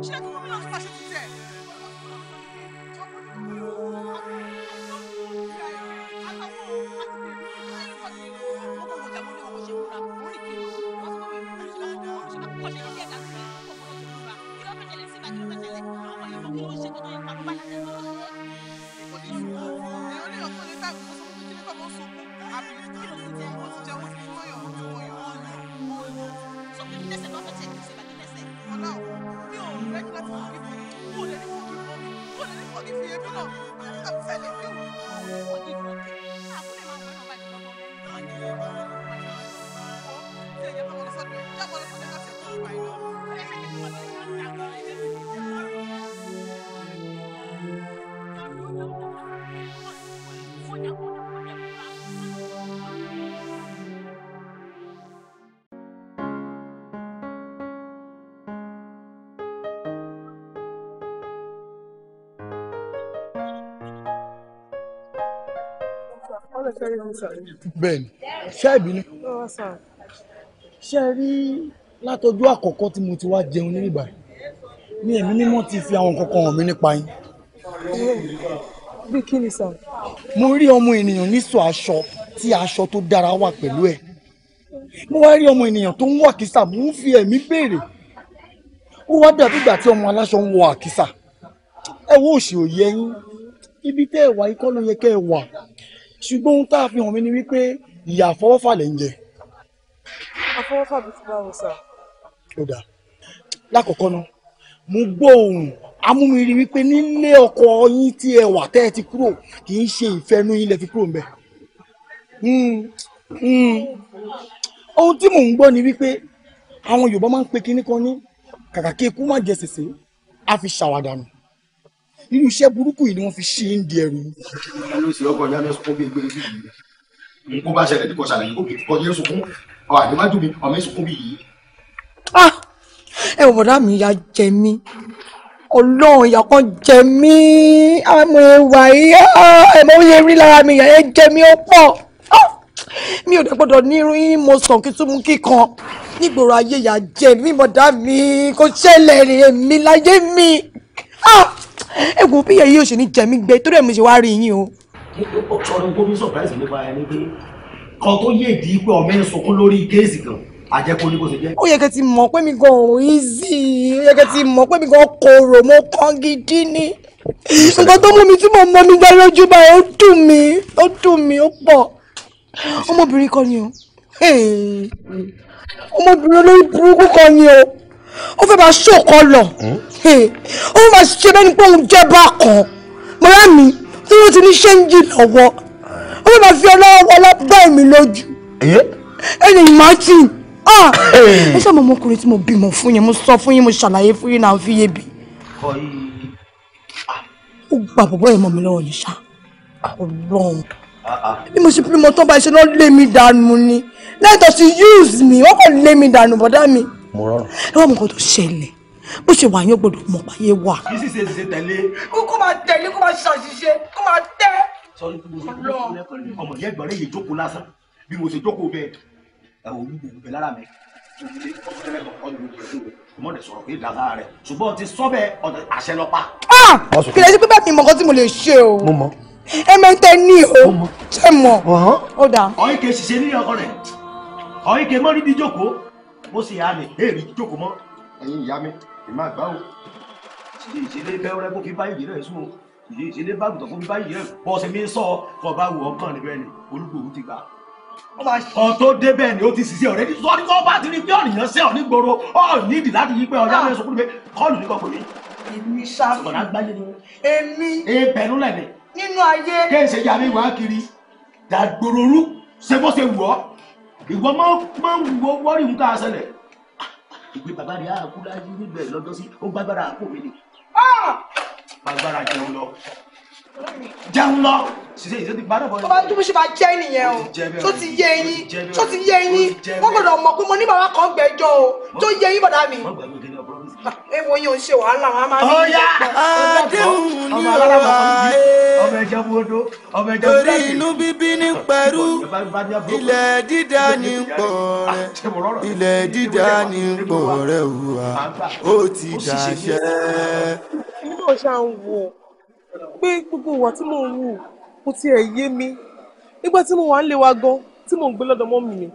现在们没有发生。bẹ́ẹ̀ni ṣáìbì ni ṣe rí látọjú àkọ́kọ́ tí mo ti wá jẹun ní ìgbà ni ẹ̀mí mímọ́ ti fi àwọn kankan hàn mí nípa yín. bí kí ni sà. mo rí ọmọ ènìyàn nísọ aṣọ tí aṣọ tó dára wà pẹ̀lú ẹ̀ mo wá rí ọmọ ènìyàn tó ń wọ àkísà mo ń fi ẹ̀mí béèrè ó wá dàbí ìgbà tí ọmọ aláṣọ ń wọ àkísà ẹ wo òṣì òye ibi tẹ́ ẹ wà ikọ́ ló yẹ kẹ́ ẹ wà ṣùgbọ́n ohun tá a fi hàn mí ni wípé ìyà àfọwọ́fà lẹ̀ ń jẹ. àfọwọ́fà bí ti bá wọ sà. ó dáa lákọ̀ọ́kọ́ náà mo gbọ́ ohùn amúmiri wípé nílé ọkọ yín tí ẹ wà tẹ́ ẹ ti kúrò kì í ṣe ìfẹ́nu yín lẹ fi kúrò ńbẹ̀. Hmm, hmm. ohun tí mò ń gbọ́ ni wípé àwọn Yorùbá máa ń pe kinní kan ní kàkà kí eku má jẹ sèse á fi ṣàwàdànù irú iṣẹ́ burúkú yìí ni wọ́n fi ṣí ń di ẹrù. ẹnu sì ọkọ ìyá mi sọ fún mi gbé ibi yìí kó bá ah! ẹ wọ̀dà mi ya jẹ mí ọlọ́run ìyá kan jẹ mí àmọ́ ah, ìwà yìí ah, ẹ̀mọ́ yẹn rí lára mi ìyá yẹn jẹ mí ó pọ̀ mi ò dẹ̀ gbọ́dọ̀ ní irun yín mo sàn kí tún kíkan nígboro ayé ìyá jẹ mí mọ̀dá mi kò ṣẹlẹ̀ rèé mi láyé mi. Ah! ẹ̀gbọ́n bí yẹ̀yẹ́ òṣèlú jẹ̀mí gbé torí ẹ̀ mo ṣe wá rí yín o. ọ̀rọ̀ gómìnà surprise nípa ẹni pé kan tó yé ìdí pé ọmọ ẹ̀ sunkún lórí kéèsì kan àjẹkù ni kò ṣe jẹ́. ó yẹ kẹ́ ti mọ̀ pé mi gan ò easy ó yẹ kẹ́ ti mọ̀ pé mi gan kòrò mo kàn gidi ni nǹkan tó mú mi tí mo mọ mi gbá lójú báyìí ó dùn mí ó dùn mí ó pọ̀ ọmọbìnrin kan ni o ọmọbìnrin olórí burúkú kan ni o ó fẹ́ máa ṣòkọ lọ hmm? ó fẹ́ máa ṣe bẹ́ẹ̀ ni pé òun jẹ́ bákan mọ́ra mi tí wọ́n ti ní ṣẹ́ńjì lọ́wọ́ ó fẹ́ máa fi ọlọ́wọ́ ọlọ́bọ̀ mi lójú ẹni martin ẹ ṣe àmọ́ ọmọkùnrin tí mo bímọ fún yín mo sọ fún yín mo ṣàlàyé fún yín náà fi yé bi. ó gba bọ̀bọ̀ ẹ̀ mọ́ mi lọ́wọ́ ní ṣá ọlọ́run bí mo ṣe bímọ tó bá ṣe náà lé mi dànù ni lẹ́tọ̀ọ́ sí use mi wọ́n kàn lé mi dànù bọ́dá mi mo rọrùn. ẹ wá mọ nǹkan tó bó ṣe wà yín ó mọ báyé wà. kì sì ṣe ṣe tẹ̀lé. kó máa tẹ̀lé kó máa ṣàṣìṣe kó máa tẹ́. sọrí tí mo lọ ọmọ yẹn gbọ́dọ̀ yẹ jókòó lásán bí mo ṣe jókòó bẹ́ẹ̀ ẹ̀wọ̀n mi gbogbo bẹ̀ lára mi mo sọ̀rọ̀ pé dàgbà rẹ̀ ṣùgbọ́n ti sọ bẹ́ẹ̀ ọ̀dọ̀ àṣẹ lọ́pa. kìlẹ̀ sí pípẹ́ mi mọ̀ nǹkan tí mo lè ṣe o. mo mọ̀. ẹ mẹ́tẹ́ ní o. ṣé mọ̀. ó dáa. ọ̀yìn kè ṣiṣẹ́ ní ọkọ rẹ̀ ọ̀yìn kè mọ́rí bí jókòó bó ṣe yá mi èmi jókòó mọ́ ẹ̀yin ìyá mi èmi àgbà o ìdí ìṣẹ̀lẹ̀ bẹ́ẹ̀rẹ́ kó fi báyìí yìí rẹ̀ sùn o ìdí ìṣẹ̀lẹ̀ bá àgùntàn kó fi báyìí yìí rẹ̀ bọ́ ṣe mi sọ kọ́ bá wù ọ́ kàn níbẹ̀ ni olúgbòhùn ti gbà ọ̀ tó dé bẹ́ẹ̀ ni ó ti ṣiṣẹ́ ọ̀rẹ́dì sọ ní kọ́ bá ti rí bí ọ̀nìyàn ṣe ọ̀ nígboro ọ̀ nídìí láti yí pé ọ̀yá mi ah. sọ fún mi kọ́ọ̀lù ní kọ́kọ́ mi. èmi ṣáàfù ọ̀nà àgbáyé ni ìwọ máa ń wọ wọ́ọ̀rì ń ká ìgbé bàbá rẹ̀ àkúlá yìí níbẹ̀ sí ó gbàgbára àpò mi ni. Ah! bàbá jẹun lọ jẹun lọ ṣiṣẹ́ ìṣe ti parọ́ bọ́. tó bá tó bó ṣe máa jẹ́ nìyẹn o tó ti yé eyín tó ti yé eyín wọ́n gbọ́dọ̀ mọ̀ pé mo ní bàbá kan gbẹ́jọ́ o tó yé eyín bọ̀dá mi. ewo ah, yín ṣe wàhálà wọn a máa ní ìgbà. àdéhùn ni ó wà é inú bíbí ní pẹ̀rú ilẹ̀ dídá ní pọ̀ rẹ̀ ilẹ̀ dídá ní pọ̀ rẹ̀ wà ó ti dàṣẹ́. èmi náà ṣáà ń wo pé gbogbo ìwà tí mò ń wù kò tiẹ̀ yé mi nígbà tí mo wà ń lé wa gan tí mò ń gbé lọ́dọ̀ mọ́ mi ni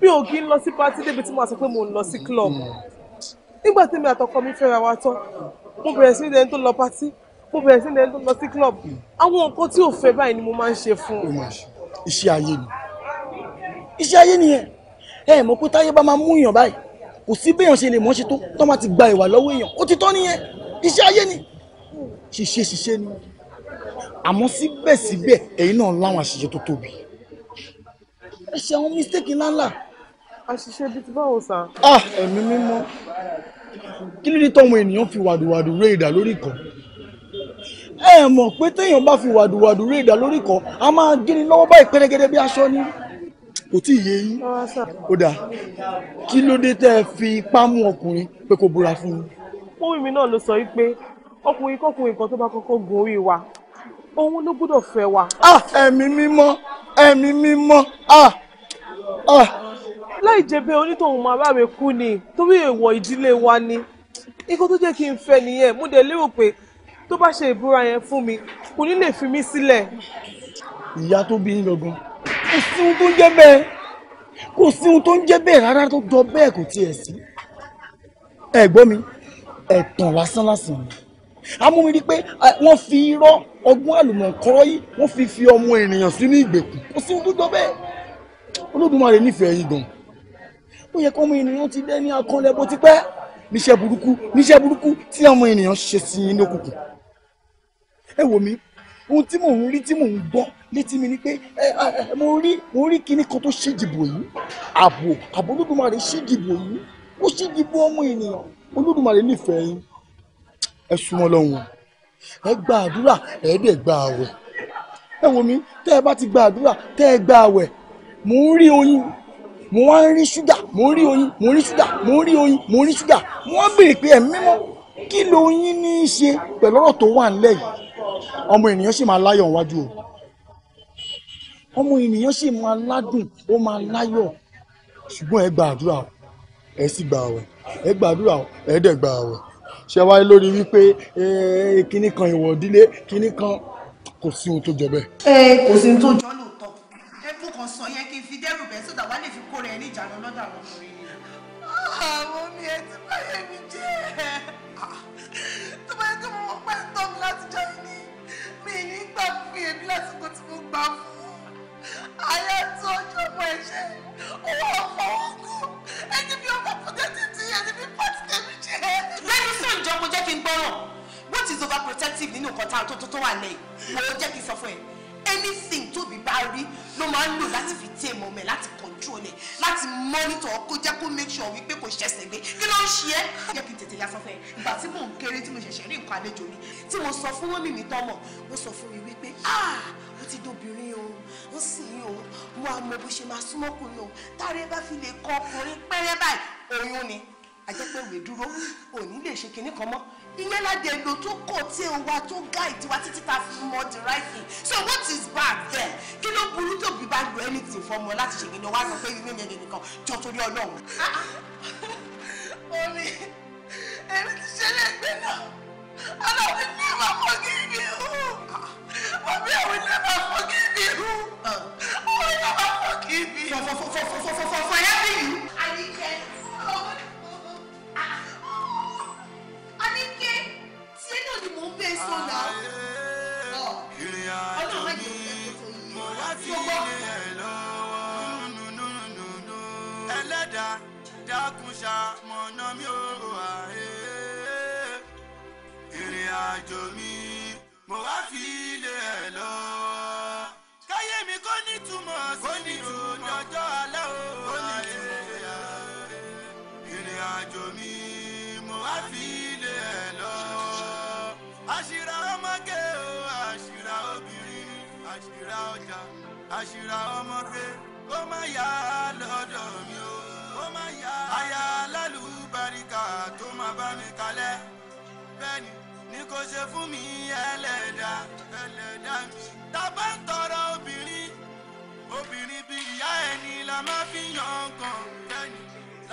mi ò kí ń lọ sí pátí débi tí mo sọ pé mo ń lọ sí club nígbà tí mi àtọkọ mi fẹ́ra wa tán mo bẹ̀rẹ̀ sí ní ẹni tó lọ pátí mo bẹ̀rẹ̀ sí ní ẹni tó lọ sí club àwọn nǹkan tí ò fẹ́ báyìí ni mo máa ń ṣe fún un. iṣẹ́ ayé ni iṣẹ́ ayé nìyẹn ẹ mọ̀ pé táyé bá máa mú èèyàn báyìí kò sí béèyàn ṣe lè mọ́ ṣe tó tó máa ti gba ìwà lọ́wọ́ èèyàn ó ti tọ́ nìyẹn iṣẹ́ ayé ni ṣiṣẹ́ ṣiṣẹ́ ni àmọ́ síbẹ̀síbẹ̀ ẹ̀yin náà láwọn àṣìṣe tó tóbi ẹ ṣe àwọn mistake ńláńlá. àṣìṣe bíi ti báwo sá. ah ẹ̀mí mímọ́ kí ló dé tọ́wọn ènìyàn fi wàdùwàdù ré ìdá lórí kan ẹ mọ̀ pé téèyàn bá fi wàdùwàdù ré ìdá lórí kan a máa gíni lọ́wọ́ báyìí pẹ́rẹ́gẹ́dẹ́ bí aṣọ ni kò tí ì yé yín ó dà kí ló dé tẹ́ ẹ fi ipá mú ọkùnrin pé kó búra fún un. fún mi náà ló sọ wípé ọkùnrin kọkùnrin kan tó bá kọ́kọ́ gun orí wa òun ló gbọ́dọ̀ fẹ́ wa. Ah, ẹ̀mí mímọ́ ẹ̀mí mímọ́ ah, ah. láì jẹ́ bẹ́ẹ̀ onítọ̀hún máa bá mi kú ni torí èèwọ̀ ìdílé wa ni nǹkan tó jẹ́ kí n fẹ́ nìyẹn mo dẹ̀ lérò pé tó bá ṣe ìbúra yẹn fún mi kò ní lè fi mí sílẹ̀. ìyá tó bí yín gangan kò sí ohun tó ń jẹ́ bẹ́ẹ̀ kò sí ohun tó ń jẹ́ bẹ́ẹ̀ rárá tó jọ bẹ́ẹ̀ kò tiẹ̀ sí. ẹ gbọ́ mi ẹ̀tàn lásán lásán ni amúmi rí i pé wọ́n fi irọ́ ọgbọ́n àlùmọ̀kọ́rọ́ yìí wọ́n fi fi ọmọ ènìyàn sínú ìgbèkùn kò sí ojú tó bẹ́ẹ̀ olódùmarè nífẹ̀ẹ́ yín gan ó yẹ kí ọmọ ènìyàn ti dẹ́ ní akọ́lẹ̀ bó ti pẹ́ níṣẹ́ burúkú níṣẹ́ burúkú tí ọmọ ènìyàn ṣe sí yín lókùnkùn ẹ wò mí ohun tí mò ń rí tí mò ń gbọ́ létí mi ni pé mo rí mo rí kinní kan tó ṣèdìbò yìí ààbò ààbò olódùmarè ṣèdìbò yìí ó ṣèdìbò ọmọ ènìyàn olódùmarè nífẹ̀ẹ́ yín ẹ súnmọ́ lọ́hùn ẹ gba àdúrà ẹ dẹ̀ gba àwẹ̀ ẹ wò mí tẹ́ ẹ bá ti gba àdúrà tẹ́ ẹ gba àwẹ̀ mò ń rí oyún mo wá ń rí ṣúgà mo ń rí oyin mo ń rí ṣúgà mo ń rí oyin mo ń rí ṣúgà wọ́n béèrè pé ẹ̀mí mímọ́ kí ló yín ní í ṣe pẹ̀lú ọ̀rọ̀ tó wà nílẹ̀ yìí ọmọ ènìyàn sì máa láyọ̀ wájú o ọmọ ènìyàn sì máa ládùn ó máa láyọ̀ ṣùgbọ́n ẹ gba àdúrà ẹ sì gba àwẹ̀ ẹ gba àdúrà ẹ dẹ̀ gba àwẹ̀ ṣe wáyé lórí wípé eh, kinní kan ìwọ̀ ìdílé kinní kan kò sí ohun tó jọ bẹ́ẹ̀. ẹ kò sí ohun tó jọ lóòótọ́ ẹkún kan sọ yẹ kí n fi dẹ́rù bẹ́ẹ̀ sódà wá lè fi kó rẹ̀ ní ìjànà lọ́dọ̀ àwọn ọmọ rẹ̀ àwọn mi ẹ ti báyẹ̀ mi jẹ́ ah, tó bá yẹ kí mo mọ̀ pẹ́ tọ́ mi láti jọ yìí mi ní gbà fún èmi lásìkò tí mo gbà fún ayé tí ojú ọmọ ẹ ṣe owó ọfọwọ́ kù ẹni bí ọmọ protective ti ẹni bí pàtí tẹ̀mí jẹ. lẹ́nu sí mo jẹ́ kí n gbọ́ràn what is overprotective nínú nǹkan tá a tó tó wà lẹ́yìn mo jẹ́ kí n sọ fún ẹ anything tóbi bá rí ló máa ń lò láti fi tẹ́ ẹmọ mẹ́ láti control ẹ̀ láti monitor kó jẹ́ kó make sure wípé kò ṣẹ̀ṣẹ̀ gbé kí ló ń ṣe é. jẹ́ kí n tètè ya sọ fún ẹ ìgbà tí mò ń kéré tí mo ṣẹ̀ṣẹ̀ rí nǹkan àlejò mi tí mo sọ fún mọ́mì mi tọ́mọ̀ mo sọ fún mi wípé ah ó ti dóbìnrin o òun sì yí òun mo àmọ bó ṣe máa súnmọ́kùnrin òun táre bá fi lè kọ ọkùnrin pẹ́rẹ́ báyìí oyún ni àjẹpẹ́ ìwé dúró òní lè ṣe kinní kan mọ́ ìyẹn láti èlò tó kọ̀ tí ẹ wá tó guide wa títí ta fi mọ the right thing so what is bad there kí ló burú tó bí bá lo anything fọmọ láti ṣe kinní wá sọ pé inú mi ẹni nìkan jọ torí ọlọ́run. omi (laughs) èmi ti ṣẹlẹ̀ gbẹ́ náà ọlọ́run ní ìwà fọ́gìrì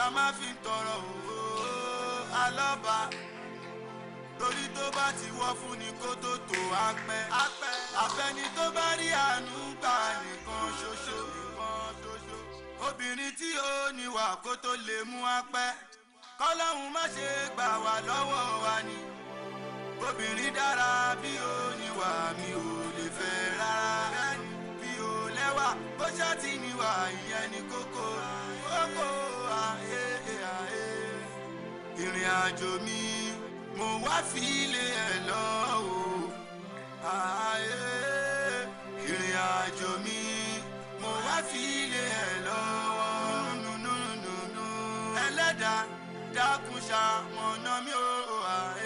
ká má fi tọrọ òwò alọ́ba torí tó bá ti wọ́ fún ni kó tó tó apẹ́ àfẹni tó bá rí àánú gbà nìkan ṣoṣo obìnrin tí ó níwà kó tó lè mú apẹ́ kọ́lọ́hún má ṣe gbà wá lọ́wọ́ wa ni obìnrin dára bí ó níwà mi ò lè fẹ́ rárá bí ó lẹ́wà bó ṣá ti níwà ìyẹn ni kókó kókó ìrìn àjò mi mo wá fi ilé ẹ̀ lọ o ààyè ìrìn àjò mi mo wá fi ilé ẹ̀ lọ́wọ́ nùnùnùnù ẹlẹ́dàá dákun ṣamọ̀nà mi o ààyè.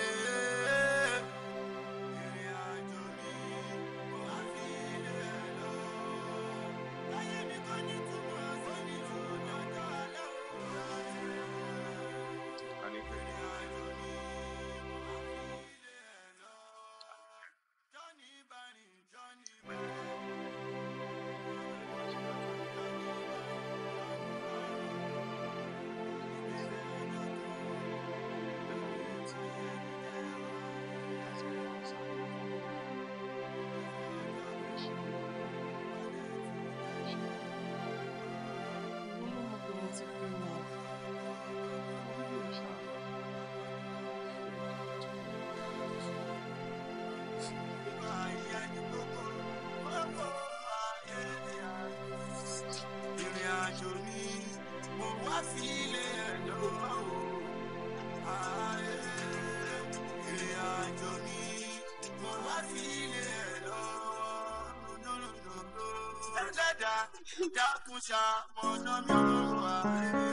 dákun ṣàmọ̀nà mi ò wá rèé.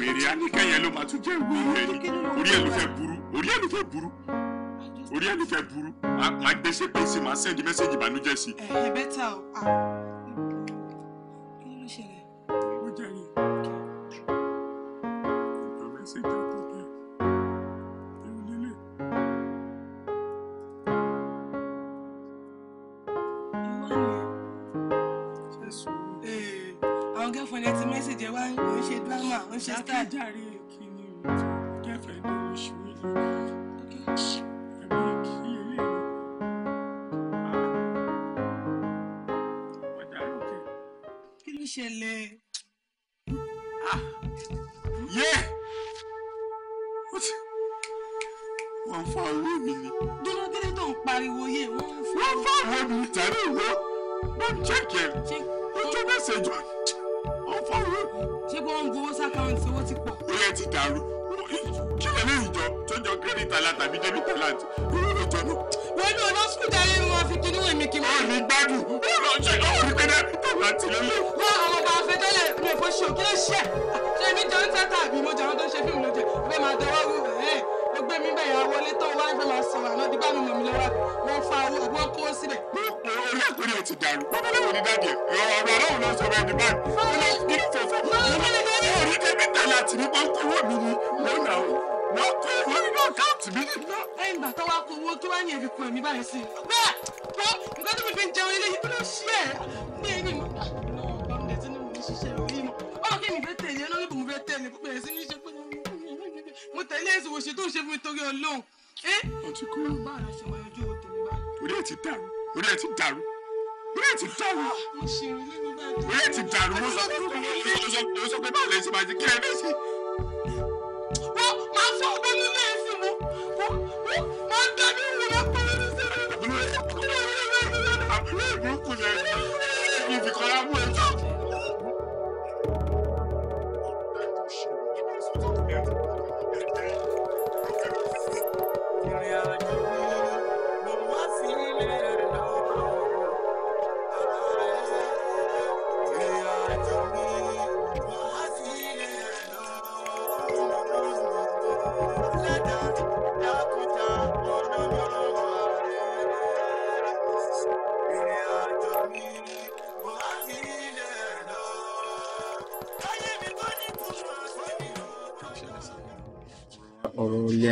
wèrè á ní kẹyìn ẹ ló máa tún jẹ ìwé rẹ ni orí ẹ ló fẹ́ burú orí ẹ ló fẹ́ burú orí ẹni fẹ́ burú máa gbé ṣépè sí máa sẹ́ndí mẹ́sẹ́jì ìbànújẹ́ sí. ẹ ẹ bẹ́tà o kí ló ṣẹlẹ̀. ó jẹ́ yìí. ìjọ mẹ́sẹ̀jì àtọ̀kẹ́ ẹ̀rù líle. ìwọ ni ṣe sùn. Eh, àwọn gẹ́fọ̀n ẹ ti mẹ́sẹ̀jì ẹ wá ń ṣe dírámà ń ṣe sítáà. Alou fanss a aakme, sheer j 爛 ante yno san pebale seman jek Alternation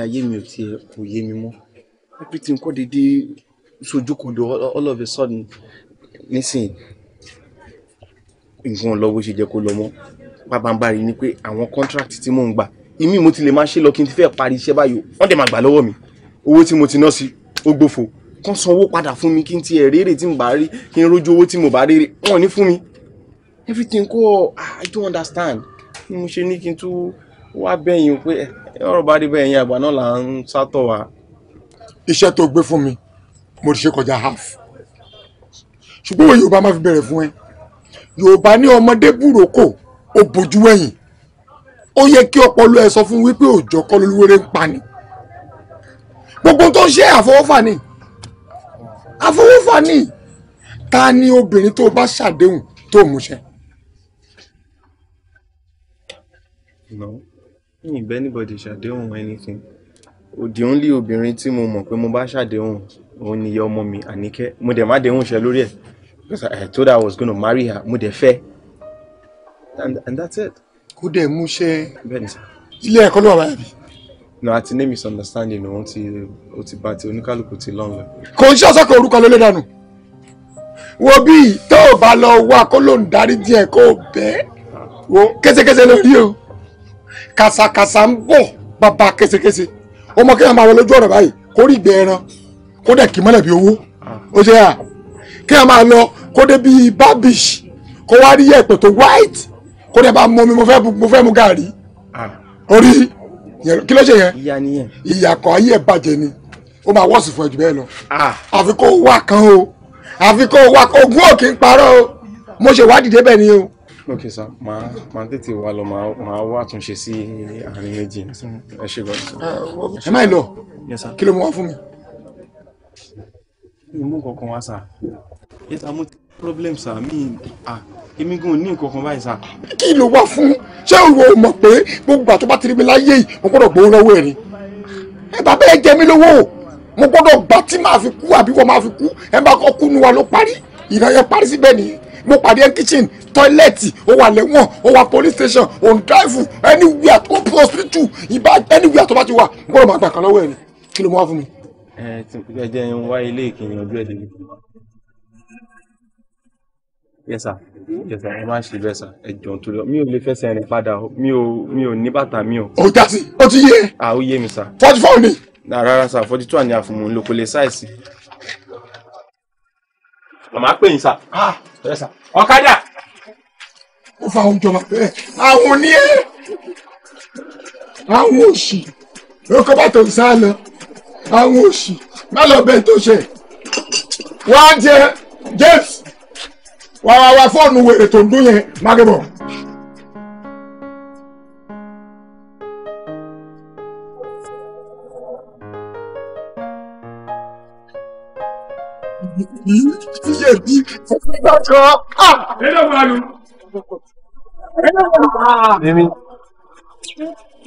ayé mi ò tiẹ̀ kò yé mi mọ́ everything kọ́ dédé sojúkodò all of a sudden nísìnyí nǹkan lọ bó ṣe jẹ́ kó lọ mọ́ pàbàmbarì ni pé àwọn contract tí mò ń gbà ìmí mo ti lè máa ṣe lọ kí n ti fẹ́ parí iṣẹ́ báyìí wọ́n dẹ̀ máa gbà lọ́wọ́ mi owó tí mo ti ná sí ó gbófo kán sanwó padà fún mi kí n tiẹ̀ rérè tí mo bá rí kí n rójú owó tí mo bá rérè wọn ò ní fún mi everything kọ́ ah, I don't understand ni mo ṣe ní kí n tún wá bẹ́yìn pé eh, ọ̀rọ̀ bá rí bẹ́ẹ̀ yẹn àgbà náà là ń sátọ̀ wá. iṣẹ́ tó gbé fún mi mo ti ṣe kọjá half ṣùgbọ́n òye yorùbá máa fi bẹ̀rẹ̀ fún ẹ yorùbá ní ọmọdé búròkò ó bojú ẹ̀yìn ó yẹ kí ọpọlọ ẹ sọ fún wípé òjò kọ́ lolúwere ń pa ni gbogbo tó ń ṣe àfọwọ́fà ni àfọwọ́fà ni ta ni obìnrin tó bá ṣàdéhùn tó múṣẹ. No mi ì bá anybody ṣàdéhùn anything the only obìnrin tí mo mọ̀ pé mo bá ṣàdéhùn òun ni ìyá ọmọ mi àníkẹ́ mo dẹ̀ má déhùn ṣe lórí ẹ̀ because I told her I was gonna marry her mo dẹ̀ fẹ́ and and that's it. kó dẹ̀ mú ṣe ilé ẹ̀kọ́ lọ́wọ́ báyìí. no àti ní misunderstanding òun ti o ti bá ti oníkálukú ti lọ́n lọ. kò ń ṣàṣà kan orúkọ lólè dànù wo bí tó o bá lọ wá kó ló ń darí díẹ̀ kó o bẹ́ẹ̀ wo késekése lórí o kàsàkàsà ń bọ̀ bàbá késekése ọmọ kéèyàn máa wọ lójú ọ̀rọ̀ báyìí kó rí ìgbẹ́ ẹran kó dẹ̀ kí mọ́lẹ̀ bí owó ó ṣe à kéèyàn máa lọ kó dé bíi babish kó wá rí yẹ̀pẹ̀ tó white kó dẹ̀ bá mọ mi mo fẹ́ mu gàrí orí kí ló ṣe yẹn ìyàkọ̀ ayé ẹ̀ bàjẹ́ ni ó máa wọ́ọ̀sì fún ẹ jù bẹ́ẹ̀ lọ àfi wà kan o àfi kó wà kan ogún òkè ń parọ́ o mo ṣèwádìí débẹ̀ ni o ok sir màá màá tètè wá lọ màá màá wá àtúnṣe sí àárín méjì ẹ ṣe gbọ́dọ̀. Uh, ẹ má lọ kí ló mú wá fún mi. mi mú kankan wá sir yẹta mo ti problem sir mi ah èmi gan ní nǹkankan báyìí sir. kí ló wá fún ṣé ìwọ ò mọ̀ pé gbogbo àtọ́ bá ti rí mi láyé yìí mo gbọ́dọ̀ gbowó lọ́wọ́ ẹ̀ ni ẹ bàbá ẹ jẹ mí lówó mo gbọ́dọ̀ gbà tí màá fi kú àbí wọ́n máa fi kú ẹ bá kọ́ kú wa ló parí ìrànlẹ́ parí síbẹ̀ nìyẹn mo pàdé kitchen tọ́ílẹ̀tì ó wà lẹ́wọ̀n ó wà police station on drive anywhere tó hospital ìbá anywhere tó bá ti wà gbọ́dọ̀ máa gbà kan lọ́wọ́ ẹ̀ ni kí ló mú wá fún mi. ẹ ti ẹ jẹ ń wá ilé ìkíni ojú ẹ débi. yes sir yes sir ẹ má ṣe bẹ́ẹ̀ sà ẹ jọ̀ọ́ torí mi ò lè fẹsẹ̀ rìn padà mi ò mi ò ní bàtà mi ò. ó já sí ó ti yé. à ó yé mi sà. forty four ni. rárá sà forty two àni àfùmù ń lo kò màmá pè yín sà. Ah, ọ̀kadà. ó fa ohun jọba bẹ́ẹ̀ àwọn ní ẹ́ àwọn òṣì lóko bá tó ń sá lọ àwọn òṣì má lọ bẹ́ẹ̀ tó ṣe wá jẹ James wàá wá fóònù wèrè tó ń dún yẹn má gbé bọ̀. bí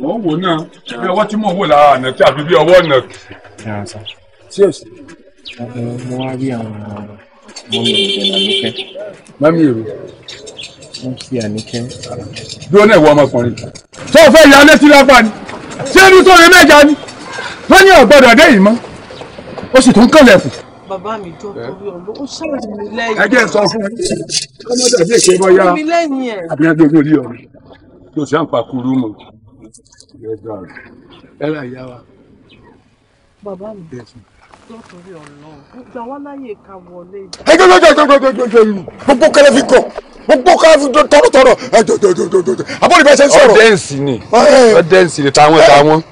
wọ́n wò náà bí ọwọ́ tí mò ń wò lára àná tí àbí bí ọwọ́ náà. sí èsì. mo wá rí àwọn ọmọ mi ìdènà nífẹ̀. mami èrò wọ́n fi àníkẹ́. dúró náà ìwọ ọmọkùnrin. tó o fẹ́ ya létí lápá ni ṣé inú tó rẹ mẹ́ja ni wọ́n ní ọ̀gbọ́dọ̀ dé yìí mọ́ o sì tún kànlẹ̀kùn bàbá mi jọ torí ọlọ́ ó ṣáàjì mi lẹ́yìn. ẹ jẹ́ sọ fún mi ọmọ dàbí èké bọ́yá àbí agbègbè orí ọ̀rọ̀ yóò ṣe àǹpàkùrú mọ̀ ẹ là yá wa. bàbá mi jọ torí ọlọ́ gbà wá láyè ká wọlé. ẹ jọjọ jọjọ jọjọ jọjọ irú gbogbo kẹlẹ fi kọ gbogbo ká fi tọrọ tọrọ ẹ jọjọ jọjọ jọjọ abọ́ni bẹ́ẹ̀ ṣe ń sọ̀rọ̀. ọ̀dẹ́ǹsì ni ọ̀dẹ́ǹsì ni tàwọn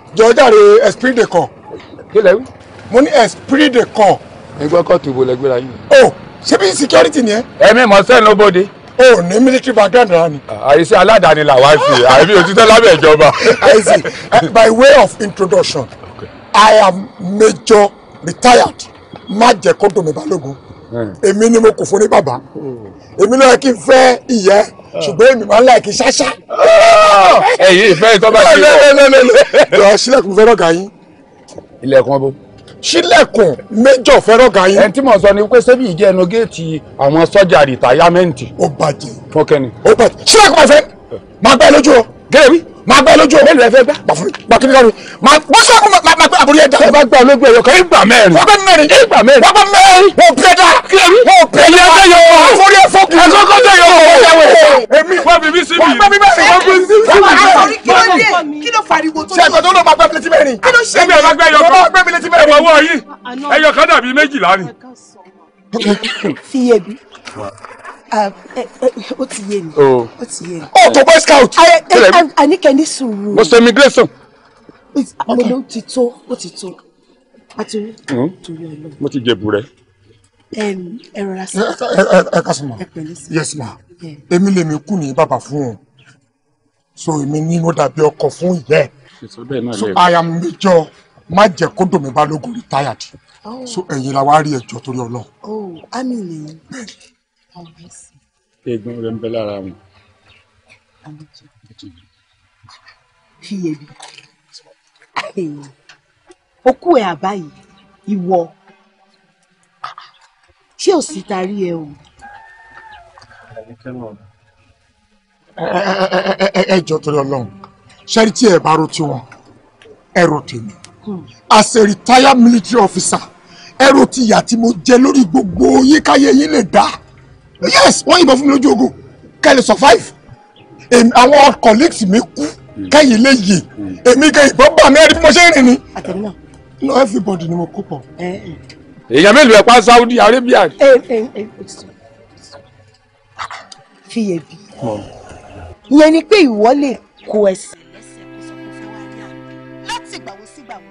mo ní ẹ̀sìpírìdè kan ẹgbẹ́ kọ́ọ̀tù ìbò lẹ́gbẹ́ra yín. o oh, ṣé bí security ni ẹ. ẹ̀mí mọ̀ sẹ́yìn ló bóde. o oh, ní military background rà ni. Ah, àìsí aládàáni làwa sí àìbí òtítọ́ lábẹ́ ìjọba. (laughs) I eh, by way of introduction okay. I am major retired májẹ̀kọ́dọ̀mí balógun eh. èmi ni mo kò fún ní bàbá oh. èmi náà kí n fẹ́ ìyẹ́ ah. ṣùgbọ́n èmi máa ń láìkí ṣáṣá. Eh, ẹ̀yin ìfẹ́ ìtọ́ bá ṣe é. (laughs) (laughs) lọ sílẹ̀kùn fẹ́ràn gà yín. ilẹ̀kùn ọbọ sílẹ̀kùn méjọ̀ fẹ́rọ̀gà yín. ẹni tí mo sọ ni pé ṣebí ìjẹ́ ẹnu géètì àwọn sọ́jà rìtáyámẹ́ǹtì. ó bàjẹ́. fọkẹ́ni. ó bàjẹ́ sílẹ̀kùn ọ̀fẹ́ máa gbá lójú o. gẹ́gẹ́ bí máa gbá lójú ọ̀rẹ́ ìlú ẹ̀fẹ́ gbá gbà fún gbà kí ni ká ní máa wọ́n sọ fún máa gbé àbúrò yẹn dá. ẹ bá gbà ológun ẹyọ kan ìgbà mẹ́rin. wọ́n gbà mẹ́rin ìgbà mẹ́rin. wọ́n gbà mẹ́rin wọ́n pẹ́ dá. kílẹ̀rì wọ́n pẹ́ yẹn fẹ́ yọ. àforí ẹ fọ́ kù. ẹ̀sọ́ kọ́ tẹ̀ yọ. èmi wọ́n fi mí síbi. wọ́n gbà mí bẹ́ẹ̀ wọ́n fi mí síbi. kí ló fariwo tó. sẹ́kọ̀ tó ló máa gbẹ́ mi létí mẹ́rin. kí ló ṣe é. ẹ̀mí ẹ̀ máa gbẹ́ Um, eh, eh, ó ti yé mi. Oh. ó ti yé mi. ó oh, tó boy scout. àníkẹ́ ní sùúrù. mo sọ immigration. mo ló ti tó ó ti tó àtúrí hmm? torí Ọlọ́run. mo ti jẹ̀bù rẹ. ẹ rọra ẹ ká sọ ma yes ma èmi lèmi kù ní bàbá fún un so èmi ní mo dàbí ọkọ fún ìyá ẹ so i am major má jẹ́ kó dòmí balógun retired oh. so ẹ̀yin la wá rí ẹjọ́ torí Ọlọ́run. ó nìyí eegun rẹ ń bẹ lára wọn. kíyèbí okú ẹ àbá yìí ìwọ ṣé ò sì tarí ẹ o. ẹ jọ torí Ọlọ́run ṣẹ́rí tí ẹ bá ro tiwọn ẹ ro tèmi hmm. as a retired military officer ẹ ro tìyà tí mo jẹ lórí gbogbo yín káyé yín lè dáa yes wọ́n yìnbọn fún mi lójú ogun kẹ́lẹ̀ survive àwọn colleagues mi kú kẹ́yìn lè yè èmi kẹ́yìn bọ́ bà mí ẹ̀rí bí mo ṣe rìn ni no everybody ni mo kó pọ̀. èèyàn mélòó ẹ̀ pa Saudi Arabia. fiyè bí ìyẹn ni pé ìwọ lè kó ẹsẹ̀. láti gbàwó sígbàwó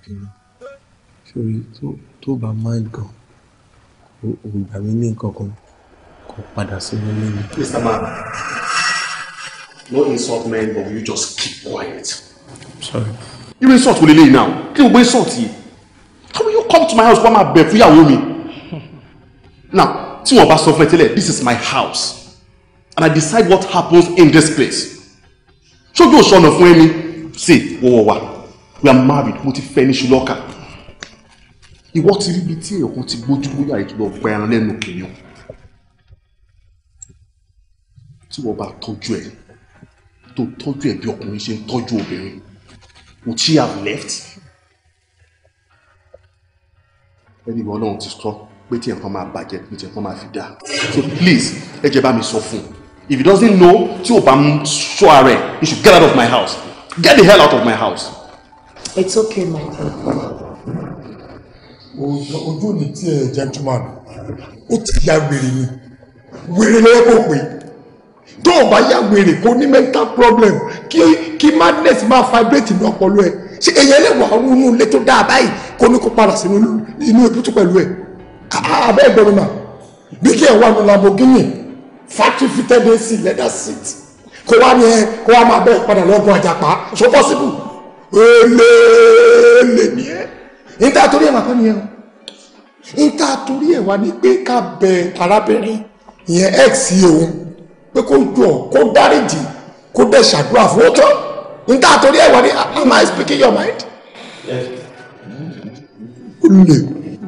bínú. Sori tó bá mind gan, ò gbà mí ní nǹkan kan, kò padà sínú ilé mi. Mr. Man, no insult men but you just keep quiet? I'm sorry. Irú insult wo leléyìí náà? Kí ni gbogbo insult yìí? How will you come to my house kó máa bẹ̀ fún ìyàwó mi? (laughs) Now, tí wọ́n bá sọ fún ẹ tẹ́lẹ̀, this is my house and I decide what happens in this place. Ṣojú òṣùwọ̀n fún ẹni, sí, wọ́wọ́ wa we are married mo ti fẹ́ ní ṣùlọ́kà ìwọ ti ríbi tí èèkàn ti gbójú bóyá ìtúbọ̀ gba ẹran lẹ́nu kìnìún tí wọ́n bá tọ́jú ẹ̀ tó tọ́jú ẹ̀ bí ọkùnrin ṣe ń tọ́jú obìnrin would she have left? ẹni ìwọ náà ti sọ pé tí nǹkan máa bàjẹ́ pé tí nǹkan máa fi dá so please ẹ jẹ́ bá mi sọ fún un if he doesn't know tí ò bá ń sọ ara ẹ̀ he should get out of my house get the hell out of my house. It's okay, ma. Ojú ni tí ẹ gentleman, ó ti ya wèrè ni, wèrè lọ́wọ́ kò pé. Tó o bá ya wèrè kó ní mental problem kí kí madness máa vibrate ní ọpọlọ ẹ. Ṣé èyàn lè wà nínú ilé tó dáa báyìí kó ní kó padà sínú inú ìbútú pẹ̀lú ẹ̀? Abẹ́ ìgbẹ́rù mà, bí kí ẹ̀ wà ní Lamborghini, factory fitted AC leather seat, kó wá ní ẹ kó wá máa bẹ́ẹ̀ padà lọ́gbọ̀n àjàpá, so possible eléèlè ni ẹ níta torí ẹ wà kọ́ nìyẹn o níta torí ẹ wà ní pé ká bẹ arábìnrin ìyẹn x òun pé kó jọ kó dáríjì kó dẹ̀ ṣàdúrà fún ọtọ́ níta torí ẹ am I speaking your mind. ó lè.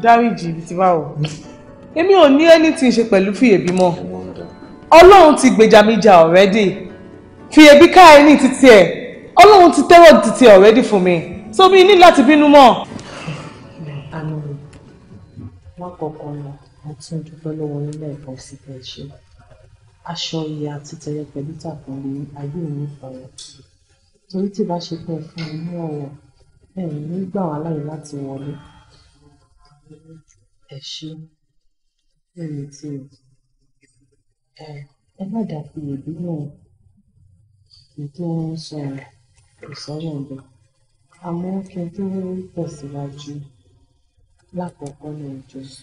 dáríjì ibi tí báwo hmm. èmi ò ní anything ṣe pẹ̀lú fìyèbí mọ́ ọlọ́run ti gbèjà mi jà already fìyèbí ká ẹni títí ẹ̀ ọlọ́run ti tẹ́wọ́ dìtì already fún mi so mi ní láti bínú mọ́. àná mi wọn kọkọ lọ àti ìdúpẹ́ lọ́wọ́ nílẹ̀ ìbọn síbẹ̀ ṣe aṣọ ìyá àti tẹ̀yẹ pẹ̀lú tàkùn lè ayé mi fọ̀rọ̀ torí tí bá ṣe pẹ́ fún mi ní ọ̀wọ̀ ẹ̀yìn nígbà wà láyé láti wọlé ẹ ṣe ẹ̀mí tí ẹ má dàbí ìbínú ìdí oorun sọ̀rọ̀ kò sọnà ibẹ àmọ kí n tó tẹsíwájú lákọọkọ náà jésù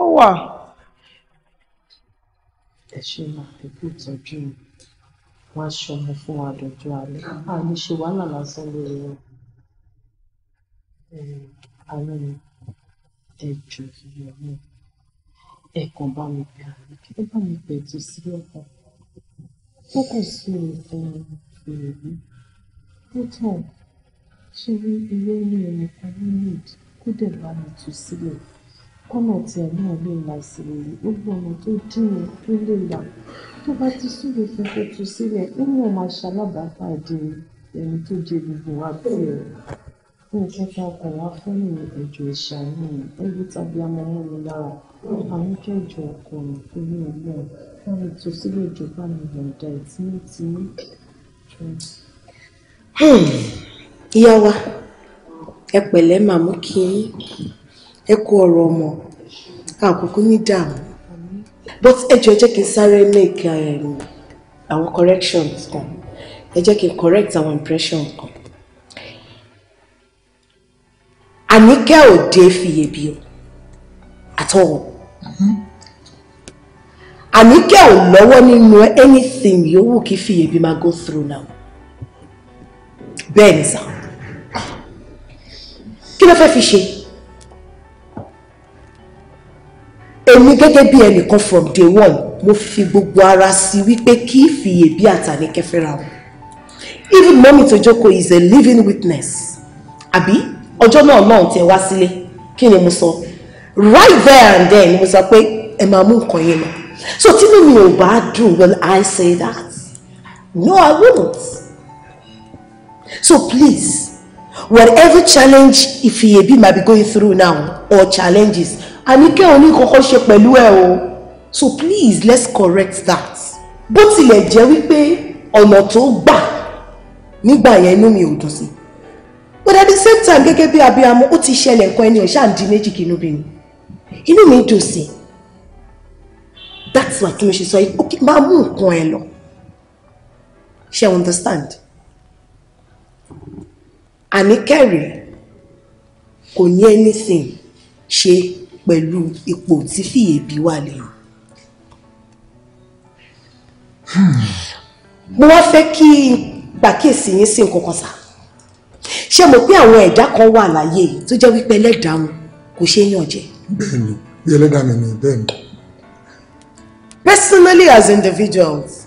ó wà ẹ ṣe máa tẹkù ìtọ́jú mi wọn á ṣọmọ fún wa dọjú alẹ́ a ní ṣe wàhálà lásán lórí wọn àánú mi ẹ jọ ìyá mi ẹ bá mi bẹ àná kí ló bá mi bẹ tó sílẹ̀ kan focus on èyí proton ṣíbí iléèwé mohammed kò dé bá mi tú u sílẹ̀ kọ́nà tiẹ̀ náà lè la ìsìlẹ̀yìn gbogbo ọ̀nà tó dínà tó lè là tó bá ti súre fún kó tú u sílẹ̀ nínú ọmọ aṣalábàápàdé ẹni tó jẹ gbogbo wa bẹ́ẹ̀ fún ìkẹta ọkọ̀ wa fún ìrìn ẹ̀jọ̀ ìṣàánú ẹ̀rù tàbí amọ̀mọ́ni lára àwọn kẹjọ ọkùnrin torí ọgbọ́n wọn lè tó sílé ìjọba mi yọ̀ǹda ẹ̀ tínútínú. Hmm. ìyá wa ẹ pẹ̀lẹ́ màmú kí ẹ kú ọ̀rọ̀ ọmọ àkókò ní dààmú but ẹ jọ̀ọ́ ẹ jẹ́ kí n sáré make eh, àwọn corrections kan ẹ jẹ́ kí n correct àwọn impression kan. Àníkẹ́ Òde fìyèbí o at all Àníkẹ́ ò lọ́wọ́ nínú anything you yòówù kí fìyèbí máa go through now bẹ́ẹ̀ ni sà kí ló fẹ́ fi ṣe èmi gẹ́gẹ́ bí ẹnìkan from day one mo fi gbogbo ara sí wípé kí fìyèbí àtàníkẹ́ fẹ́ra wọn even Mommy tó is a living witness Abi, Ojo náà náà tẹ wá sílé kí ni mo sọ. So? right there and then mo sọ pé ẹ máa mú nǹkan yẹn lọ so tí mi ò bá dùn will I say that no I won't so please whatever challenge Ifiyebi might be going through now or challenges anike oni kọ́kọ́ ṣe pẹ̀lú ẹ o so please let's correct that bó tilẹ̀ jẹ́ wípé ọ̀nà tó gbà nígbà yẹn inú mi ò dùn sí but at the same time gẹ́gẹ́ bí abiyamọ ó ti ṣẹlẹ̀ nǹkan ẹni ọ̀ṣà ń di méjì kínú bí ni inú mi dùn sí that's why tí mo ṣe sọ yìí ó kí máa mú nǹkan ẹ lọ ṣe understand àní kẹrì kò ní anything ṣe pẹ̀lú ipò tí fìyèbí wà lẹ́yìn. Hmm. mo wá fẹ́ kí gbàkíyèsí yín sí nǹkan kan sá ṣé mo pé àwọn ẹ̀dá kan wà láyé tó jẹ́ wípé ẹlẹ́dàá wọn kò ṣe é yànjẹ́ personally as individuals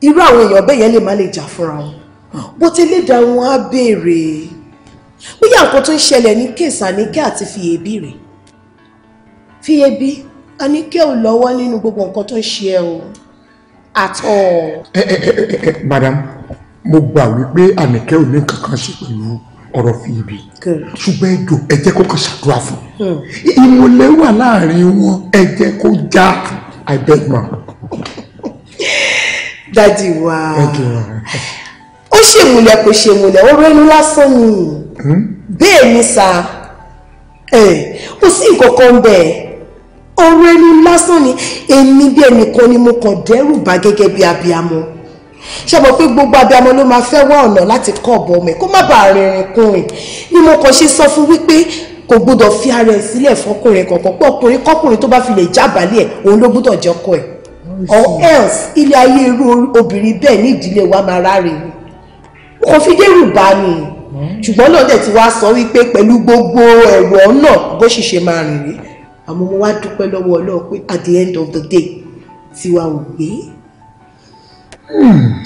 irú àwọn èèyàn bẹ́ẹ̀ yẹn lè má lè jà fúnra wọn bó ti lè dá wọn á béèrè bóyá nǹkan tó ń ṣẹlẹ̀ ní kéèsì àníkẹ́ àti fìyèbí rẹ̀ fìyèbí àníkẹ́ ò lọ́wọ́ nínú gbogbo nǹkan tó ń ṣe ẹ o at all. Eh, eh, eh, madam mo gbà wípé àníkẹ́ ò ní kankan ṣe pẹ̀lú ọ̀rọ̀ fi ibi ṣùgbọ́n ẹjọ ẹ jẹ́ kó kàn ṣàdúrà fún hmm. ìmọ́lẹ̀ wà láàrin wọn ẹ jẹ́ kó já i beg ma. dadi wa ó ṣèmùlẹ̀ kò ṣèmùlẹ̀ ó rẹ́nu lásán ni hmm? bẹ́ẹ̀ ni sà kò sí nǹkan kan bẹ́ẹ̀ ọ̀rọ̀ ẹnu lásán ni èmi bí ẹnìkan ni mo kàn dẹ́rù bà gẹ́gẹ́ bí abiyamọ ṣe mọ̀ pé gbogbo abiyamọ ló máa fẹ́ wá ọ̀nà láti kọ́ ọ̀bọ ọmọ kó má bàa rìnrìn kùnrin ni mo kàn ṣe sọ fún wípé kò gbọdọ̀ fi ara ẹ̀ sílẹ̀ fọkùnrin kọ̀ọ̀kan pé ọkùnrin kọkùnrin tó bá fi lè jábàálẹ̀ ẹ̀ òun ló gbọdọ̀ jẹ́ ọkọ ẹ̀ or else ilé ayé irú obìnrin bẹ́ẹ̀ ní ìdílé wa máa ráre ni kò fi dérù bá mi ṣùgbọ́n náà dẹ̀ ti wá sọ wípé pẹ̀lú gbogbo ẹ̀rọ náà bó sì ṣe máa rìn rí àmọ́ mo wá dúpẹ́ lọ́wọ́ Ọlọ́run at the end of the day tiwa ò gbé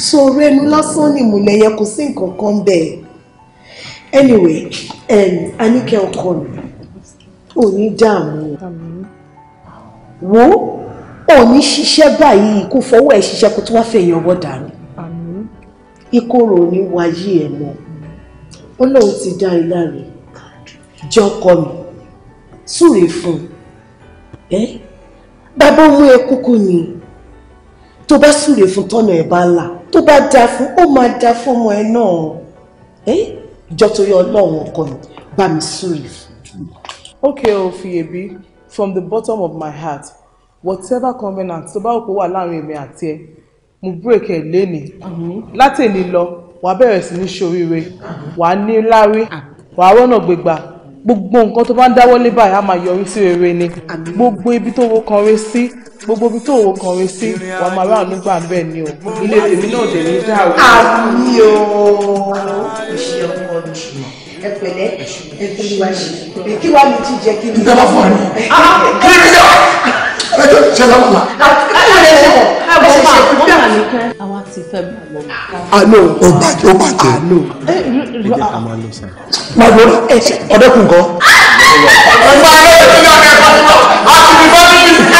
sọ̀rọ̀ ẹnu lásán ni ìmùlẹ̀ yẹn kò sí nǹkan kan bẹ́ẹ̀ anyway um, anike ọkọ mi ò ní dààmú wo ò ní ṣiṣẹ́ báyìí kó fọwọ́ ẹ̀ ṣiṣẹ́ kó tó wá fẹ̀yìn ọwọ́ dànù ìkorò ò ní wáyé ẹ̀ mọ́ ó lóun ti dá ilá rẹ̀ jọkọ mi súre fún un bàbá ọmọ ẹ kúkú ni. Eh? tó bá súre fún tọ́nà ẹ̀ bá là tó bá dáa fún ó máa dáa fún ọmọ ẹ náà ìjọ tó yọ ọlọ́run ọkọ mi bá mi súre fún. okay o Fiyebi from the bottom of my heart whatever covenant tó bá wò pé wà láàrin èmi àti ẹ mo break ẹ léni látẹ̀lé lọ wàá bẹ̀rẹ̀ sí ní ṣoríire wàá ní lárí wàá rọ́nà gbégbá gbogbo nǹkan tó bá ń dáwọ́lé báyìí á máa yọrí sí rere ni gbogbo ibi tó wo kan re sí gbogbo ibi tó wo kan re sí wà á máa rà nígbà bẹ́ẹ̀ ni o ilé tèmi náà dé ní dá àmì o ìṣe ọkọ jùlọ ẹ pẹ̀lẹ́ ẹ kí wàá ní jíjẹ ah! kí ni. ìjọba fún ọ kí ni yọ ẹ jọ ṣe lọ́wọ́ ma. àwa ti fẹ́ bọ̀. àlọ́ ó bàjẹ́ ó bàjẹ́. àlọ́ ẹ jẹ́ ká máa lọ sàn. máa lọ ọdẹkùn kan. ọgbà ayé ìdílé ọ̀rẹ́ kan ti lọ àti ìfọ́nìyàn.